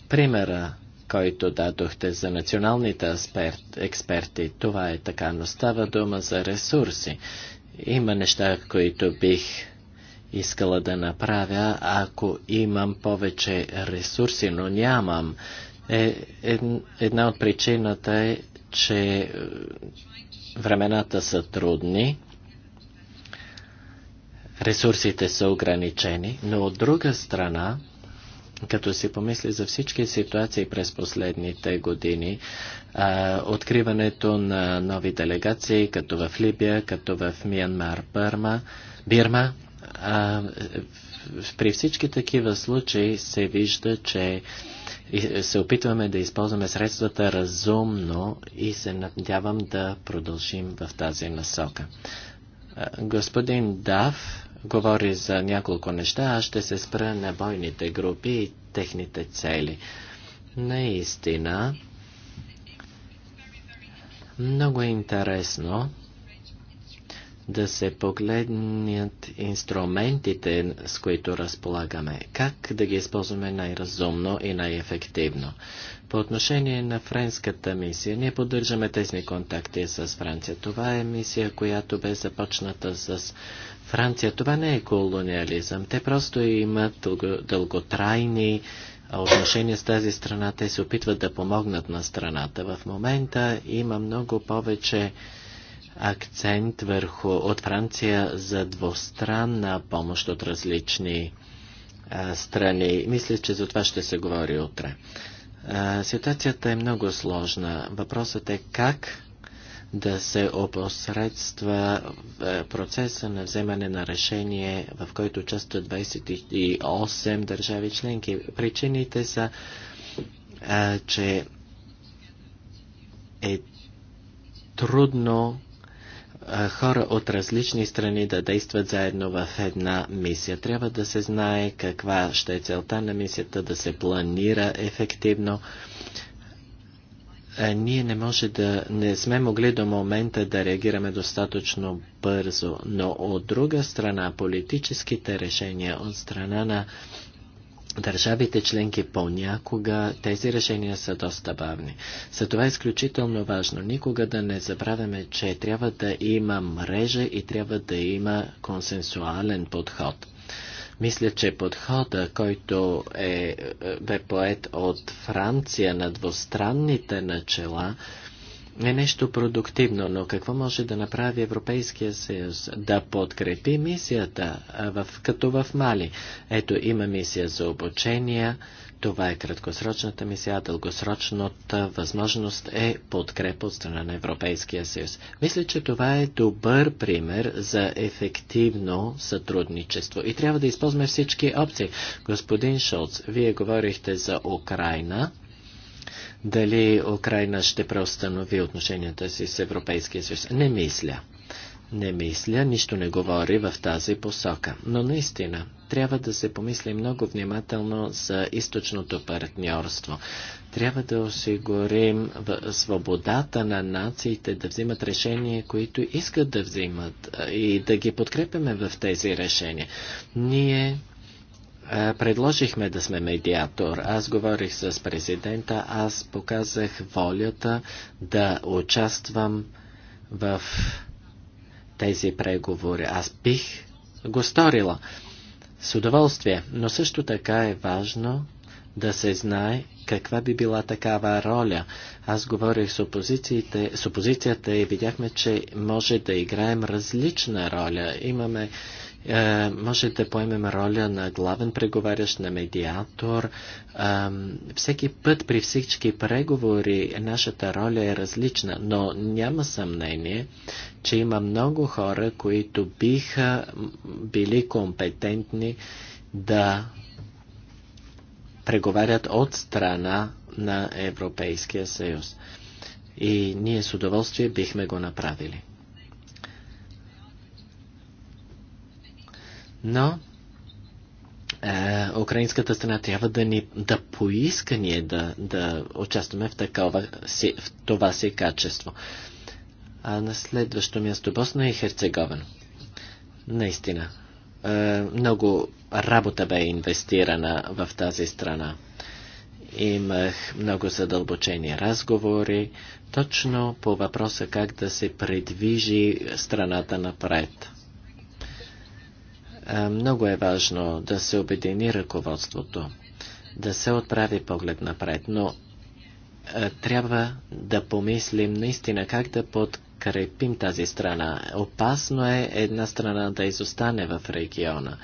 Speaker 5: примера, който дадохте за националните аспект, експерти, това е така, но става дума за ресурси. Има неща, които бих искала да направя, ако имам повече ресурси, но нямам. Е, ед, една от причината е, че е, времената са трудни, ресурсите са ограничени, но от друга страна, като си помисли за всички ситуации през последните години, а, откриването на нови делегации, като в Либия, като в Миянмар, Бърма, Бирма, а, при всички такива случаи се вижда, че се опитваме да използваме средствата разумно и се надявам да продължим в тази насока. Господин Дав говори за няколко неща, аз ще се спра на бойните групи и техните цели. Наистина, много е интересно да се погледнят инструментите, с които разполагаме, как да ги използваме най-разумно и най-ефективно. По отношение на френската мисия, ние поддържаме тези контакти с Франция. Това е мисия, която бе започната с Франция. Това не е колониализъм. Те просто имат дълго, дълготрайни отношения с тази страна. Те се опитват да помогнат на страната. В момента има много повече акцент върху от Франция за двустранна помощ от различни а, страни. Мисля, че за това ще се говори утре. А, ситуацията е много сложна. Въпросът е как да се опосредства е, процеса на вземане на решение, в който участват 28 държави членки. Причините са, а, е, че е трудно а, е, хора от различни страни да действат заедно в една мисия. Трябва да се знае каква ще е целта на мисията, да се планира ефективно. А, е, ние не може да не сме могли до момента да реагираме достатъчно бързо, но от друга страна политическите решения от страна на държавите членки понякога тези решения са доста бавни. За това е изключително важно никога да не забравяме, че трябва да има мрежа и трябва да има консенсуален подход. Мисля, че подхода, който е, бе поет от Франция на двустранните начала, е нещо продуктивно, но какво може да направи Европейския съюз? Да подкрепи мисията, в, като в Мали. Ето има мисия за обучение, това е краткосрочната мисия, а дългосрочната възможност е подкрепа от страна на Европейския съюз. Мисля, че това е добър пример за ефективно сътрудничество и трябва да използваме всички опции. Господин Шолц, вие говорихте за Украина. Дали Украина ще преустанови отношенията си с Европейския съюз? Не мисля не мисля, нищо не говори в тази посока. Но наистина, трябва да се помисли много внимателно за източното партньорство. Трябва да осигурим свободата на нациите да взимат решения, които искат да взимат и да ги подкрепяме в тези решения. Ние предложихме да сме медиатор. Аз говорих с президента, аз показах волята да участвам в тези преговори. Аз бих го сторила с удоволствие, но също така е важно да се знае каква би била такава роля. Аз говорих с, опозициите, с опозицията и видяхме, че може да играем различна роля. Имаме е, може да поемем роля на главен преговарящ, на медиатор. Е, всеки път при всички преговори нашата роля е различна, но няма съмнение, че има много хора, които биха били компетентни да преговарят от страна на Европейския съюз. И ние с удоволствие бихме го направили. но е, украинската страна трябва да ни да поиска ние да, да участваме в, такова, в това си качество. А на следващо място Босна и Херцеговина. Наистина. Е, много работа бе инвестирана в тази страна. Имах много задълбочени разговори, точно по въпроса как да се предвижи страната напред. Е, много е важно да се обедини ръководството, да се отправи поглед напред, но е, трябва да помислим наистина как да подкрепим тази страна. Опасно е една страна да изостане в региона.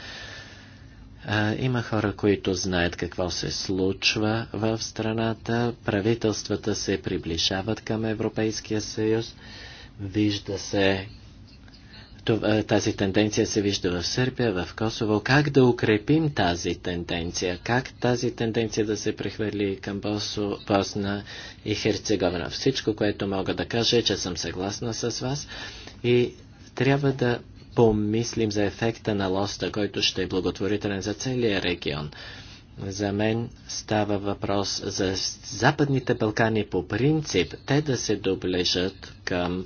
Speaker 5: Е, има хора, които знаят какво се случва в страната. Правителствата се приближават към Европейския съюз. Вижда се е, тази тенденция се вижда в Сърбия, в Косово. Как да укрепим тази тенденция? Как тази тенденция да се прехвърли към Босо, Босна и Херцеговина? Всичко, което мога да кажа е, че съм съгласна с вас и трябва да помислим за ефекта на лоста, който ще е благотворителен за целия регион. За мен става въпрос за Западните Балкани по принцип, те да се доближат към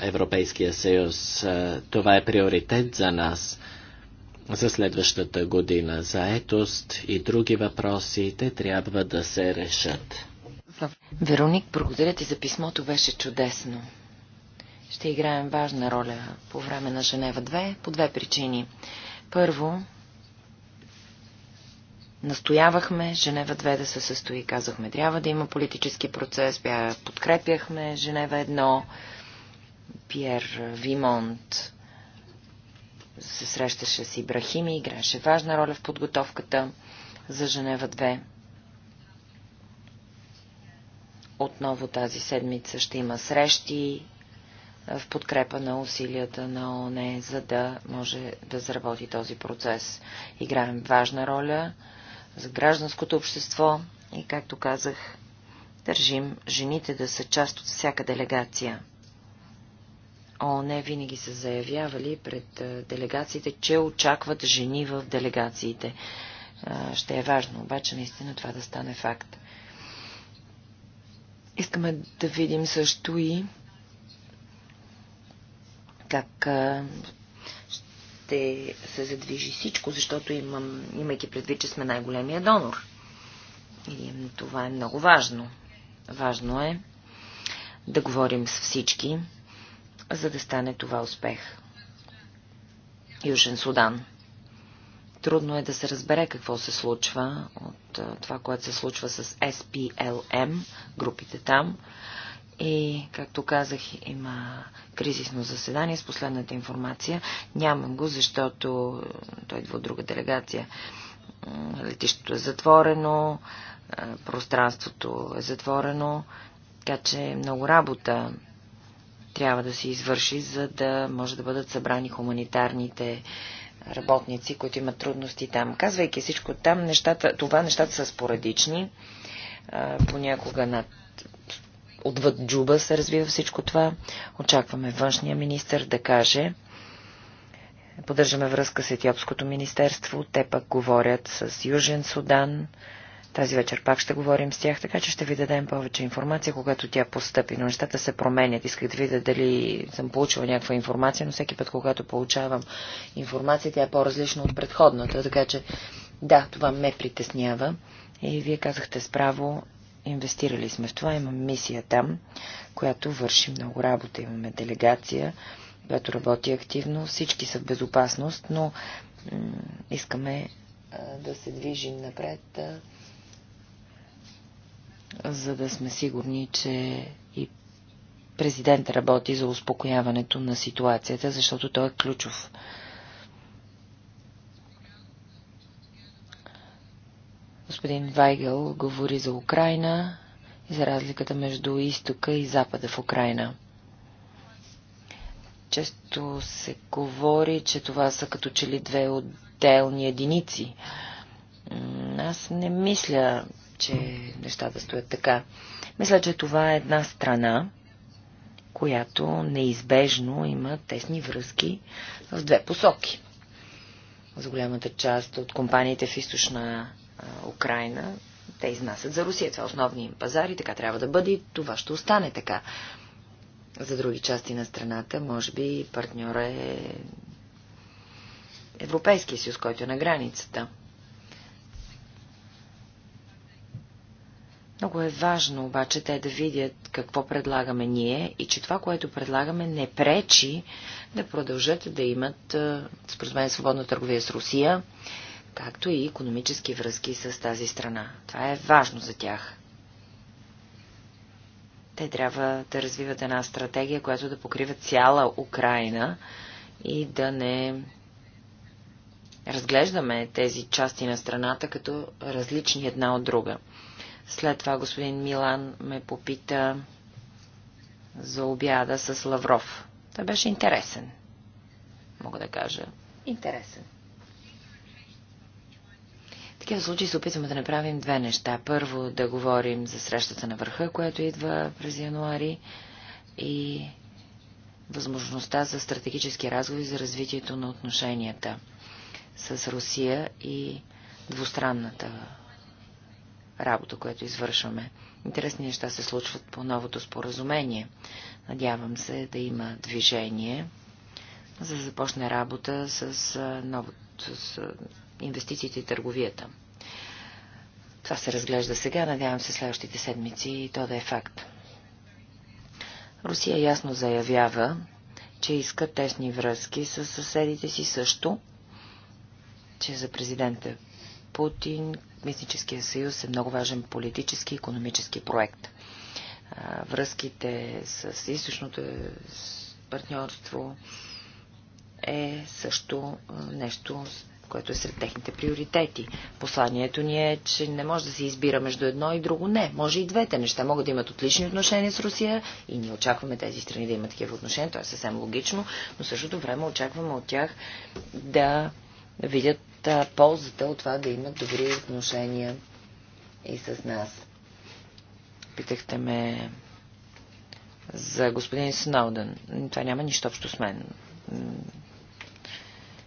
Speaker 5: Европейския съюз. Това е приоритет за нас за следващата година. Заетост и други въпроси, те трябва да се решат.
Speaker 4: Вероник, благодаря ти за писмото, беше чудесно. Ще играем важна роля по време на Женева 2 по две причини. Първо, настоявахме Женева 2 да се състои. Казахме, трябва да има политически процес, подкрепяхме Женева 1 Пьер Вимонт се срещаше с Ибрахими, играше важна роля в подготовката за Женева 2. Отново тази седмица ще има срещи в подкрепа на усилията на ООН, за да може да заработи този процес. Играем важна роля за гражданското общество и, както казах, държим жените да са част от всяка делегация. ООН винаги са заявявали пред делегациите, че очакват жени в делегациите. Ще е важно, обаче наистина това да стане факт. Искаме да видим също и как ще се задвижи всичко, защото имам, имайки предвид, че сме най-големия донор. И това е много важно. Важно е да говорим с всички, за да стане това успех. Южен Судан. Трудно е да се разбере какво се случва от това, което се случва с SPLM, групите там. И, както казах, има кризисно заседание с последната информация. Нямам го, защото той идва от друга делегация. Летището е затворено, пространството е затворено, така че е много работа трябва да се извърши, за да може да бъдат събрани хуманитарните работници, които имат трудности там. Казвайки всичко там, нещата, това нещата са спорадични. Понякога над отвъд джуба се развива всичко това. Очакваме външния министр да каже. Поддържаме връзка с Етиопското министерство. Те пък говорят с Южен Судан, тази вечер пак ще говорим с тях, така че ще ви дадем повече информация, когато тя постъпи. Но нещата се променят. Исках да видя дали съм получила някаква информация, но всеки път, когато получавам информация, тя е по-различна от предходната. Така че, да, това ме притеснява. И вие казахте справо, инвестирали сме в това. Имам мисия там, която върши много работа. Имаме делегация, която работи активно. Всички са в безопасност, но искаме да се движим напред за да сме сигурни, че и президент работи за успокояването на ситуацията, защото той е ключов. Господин Вайгел говори за Украина и за разликата между изтока и запада в Украина. Често се говори, че това са като че ли две отделни единици. Аз не мисля че нещата стоят така. Мисля, че това е една страна, която неизбежно има тесни връзки в две посоки. За голямата част от компаниите в източна Украина те изнасят за Русия. Това е основни им пазари, така трябва да бъде и това ще остане така. За други части на страната, може би партньор е Европейския съюз, който е на границата. Много е важно обаче те да видят какво предлагаме ние и че това, което предлагаме, не пречи да продължат да имат споразумение свободна търговия с Русия, както и економически връзки с тази страна. Това е важно за тях. Те трябва да развиват една стратегия, която да покрива цяла Украина и да не разглеждаме тези части на страната като различни една от друга. След това господин Милан ме попита за обяда с Лавров. Той беше интересен, мога да кажа. Интересен. В такива случаи се опитваме да направим две неща. Първо да говорим за срещата на върха, която идва през януари и възможността за стратегически разговори за развитието на отношенията с Русия и двустранната работа, която извършваме. Интересни неща се случват по новото споразумение. Надявам се да има движение, за да започне работа с, ново, с инвестициите и търговията. Това се разглежда сега, надявам се следващите седмици и то да е факт. Русия ясно заявява, че иска тесни връзки с съседите си също, че за президента Путин, Митническия съюз е много важен политически и економически проект. Връзките с източното партньорство е също нещо, което е сред техните приоритети. Посланието ни е, че не може да се избира между едно и друго. Не, може и двете неща. Могат да имат отлични отношения с Русия и ние очакваме тези страни да имат такива отношения, то е съвсем логично, но същото време очакваме от тях да видят а, ползата от това да имат добри отношения и с нас. Питахте ме за господин Сноуден. Това няма нищо общо с мен.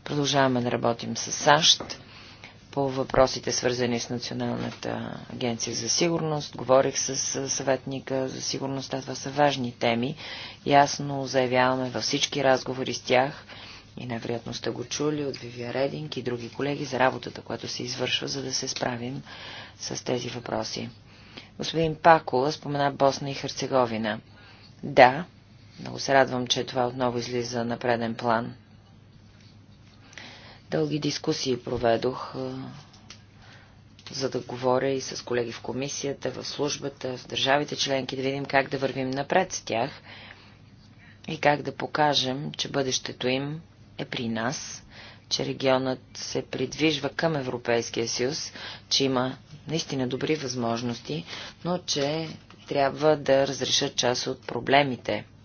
Speaker 4: Продължаваме да работим с САЩ по въпросите, свързани с Националната агенция за сигурност. Говорих с съветника за сигурността. Това са важни теми. Ясно заявяваме във всички разговори с тях – и невероятно сте го чули от Вивия Рединг и други колеги за работата, която се извършва, за да се справим с тези въпроси. Господин Пако, спомена Босна и Херцеговина. Да, много се радвам, че това отново излиза на преден план. Дълги дискусии проведох, за да говоря и с колеги в комисията, в службата, в държавите членки, да видим как да вървим напред с тях и как да покажем, че бъдещето им е при нас, че регионът се придвижва към Европейския съюз, че има наистина добри възможности, но че трябва да разрешат част от проблемите –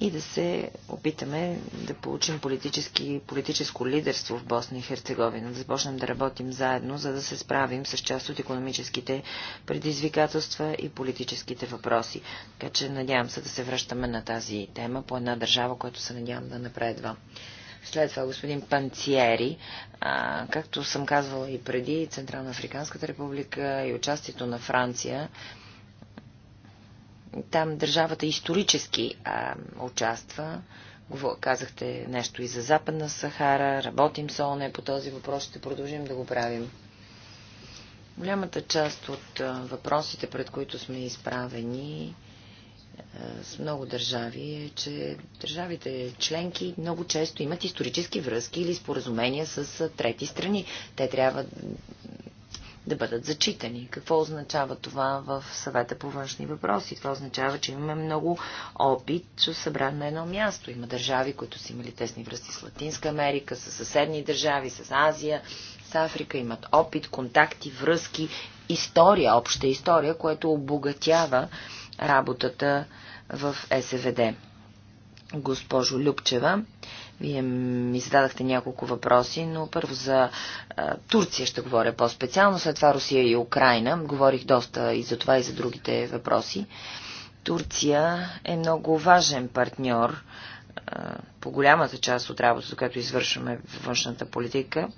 Speaker 4: и да се опитаме да получим политически, политическо лидерство в Босна и Херцеговина, да започнем да работим заедно, за да се справим с част от економическите предизвикателства и политическите въпроси. Така че надявам се да се връщаме на тази тема по една държава, която се надявам да напредва. След това господин Панциери, а, както съм казвала и преди, Централна Африканската република и участието на Франция там държавата исторически а, участва. Казахте нещо и за Западна Сахара. Работим с ОНЕ по този въпрос. Ще продължим да го правим. Голямата част от въпросите, пред които сме изправени с много държави, е, че държавите членки много често имат исторически връзки или споразумения с трети страни. Те трябва да бъдат зачитани. Какво означава това в съвета по външни въпроси? Това означава, че имаме много опит, че събран на едно място. Има държави, които са имали тесни връзки с Латинска Америка, с съседни държави, с Азия, с Африка, имат опит, контакти, връзки, история, обща история, което обогатява работата в СВД. Госпожо Любчева, вие ми зададахте няколко въпроси, но първо за а, Турция ще говоря по-специално, след това Русия и Украина. Говорих доста и за това, и за другите въпроси. Турция е много важен партньор а, по голямата част от работата, която извършваме в външната политика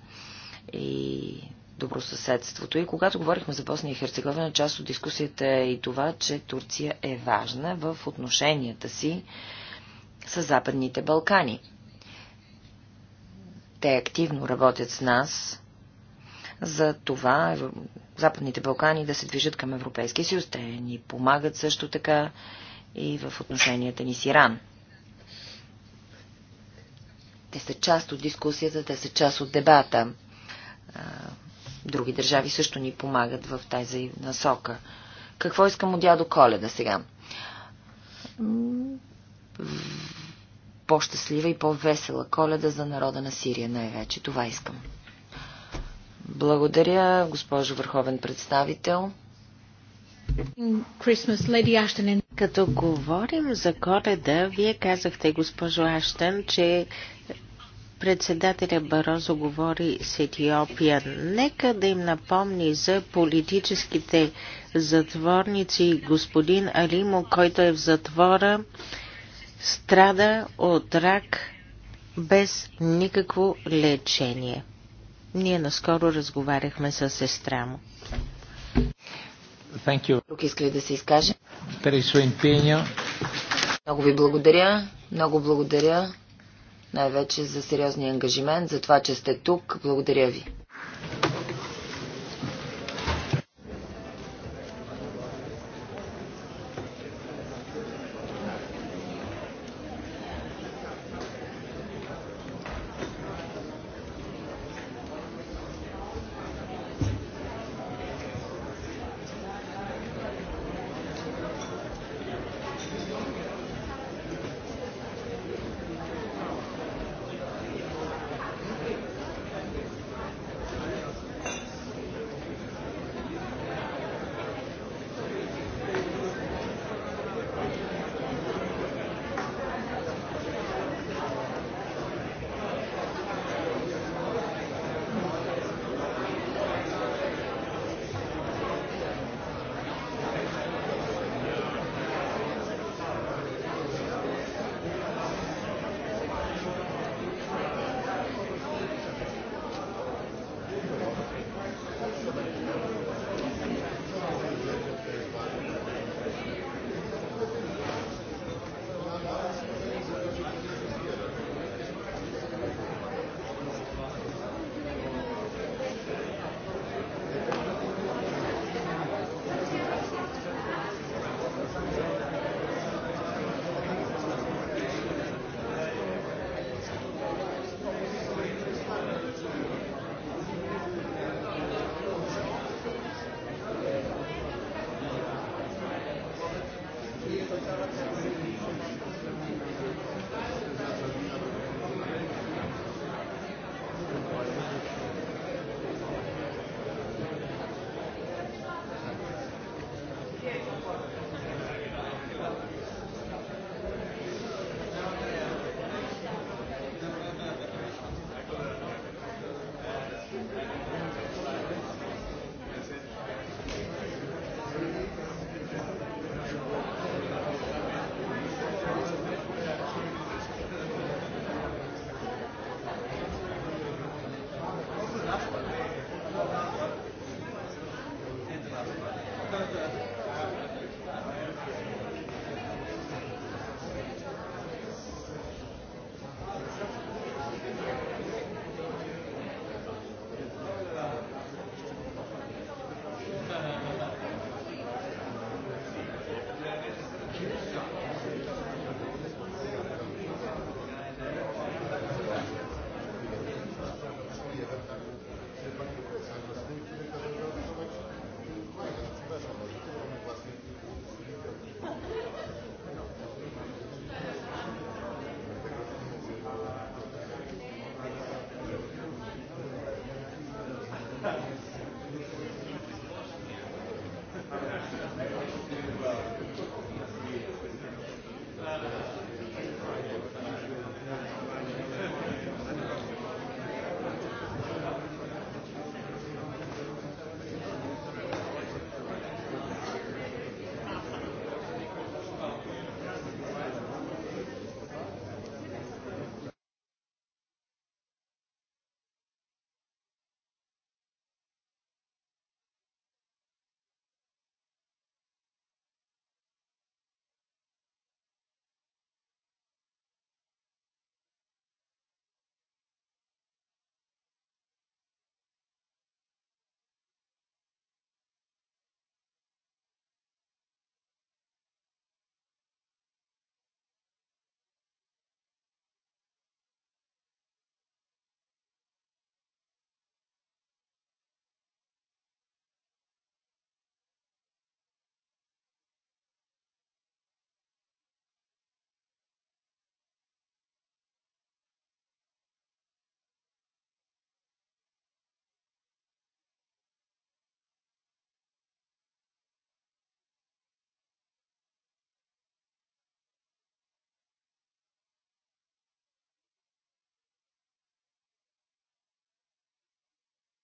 Speaker 4: и добросъседството. И когато говорихме за Босния и Херцеговина, част от дискусията е и това, че Турция е важна в отношенията си с Западните Балкани. Те активно работят с нас за това Западните Балкани да се движат към Европейския съюз. Те ни помагат също така и в отношенията ни с Иран. Те са част от дискусията, те са част от дебата. Други държави също ни помагат в тази насока. Какво искам от дядо Коледа сега? по-щастлива и по-весела коледа за народа на Сирия най-вече. Това искам. Благодаря, госпожо Върховен представител.
Speaker 3: Като говорим за коледа, вие казахте, госпожо Аштен, че председателя Барозо говори с Етиопия. Нека да им напомни за политическите затворници господин Алимо, който е в затвора страда от рак без никакво лечение. Ние наскоро разговаряхме с сестра му.
Speaker 4: Thank you. Тук иска ли да се изкаже? Много ви благодаря. Много благодаря. Най-вече за сериозния ангажимент, за това, че сте тук. Благодаря ви.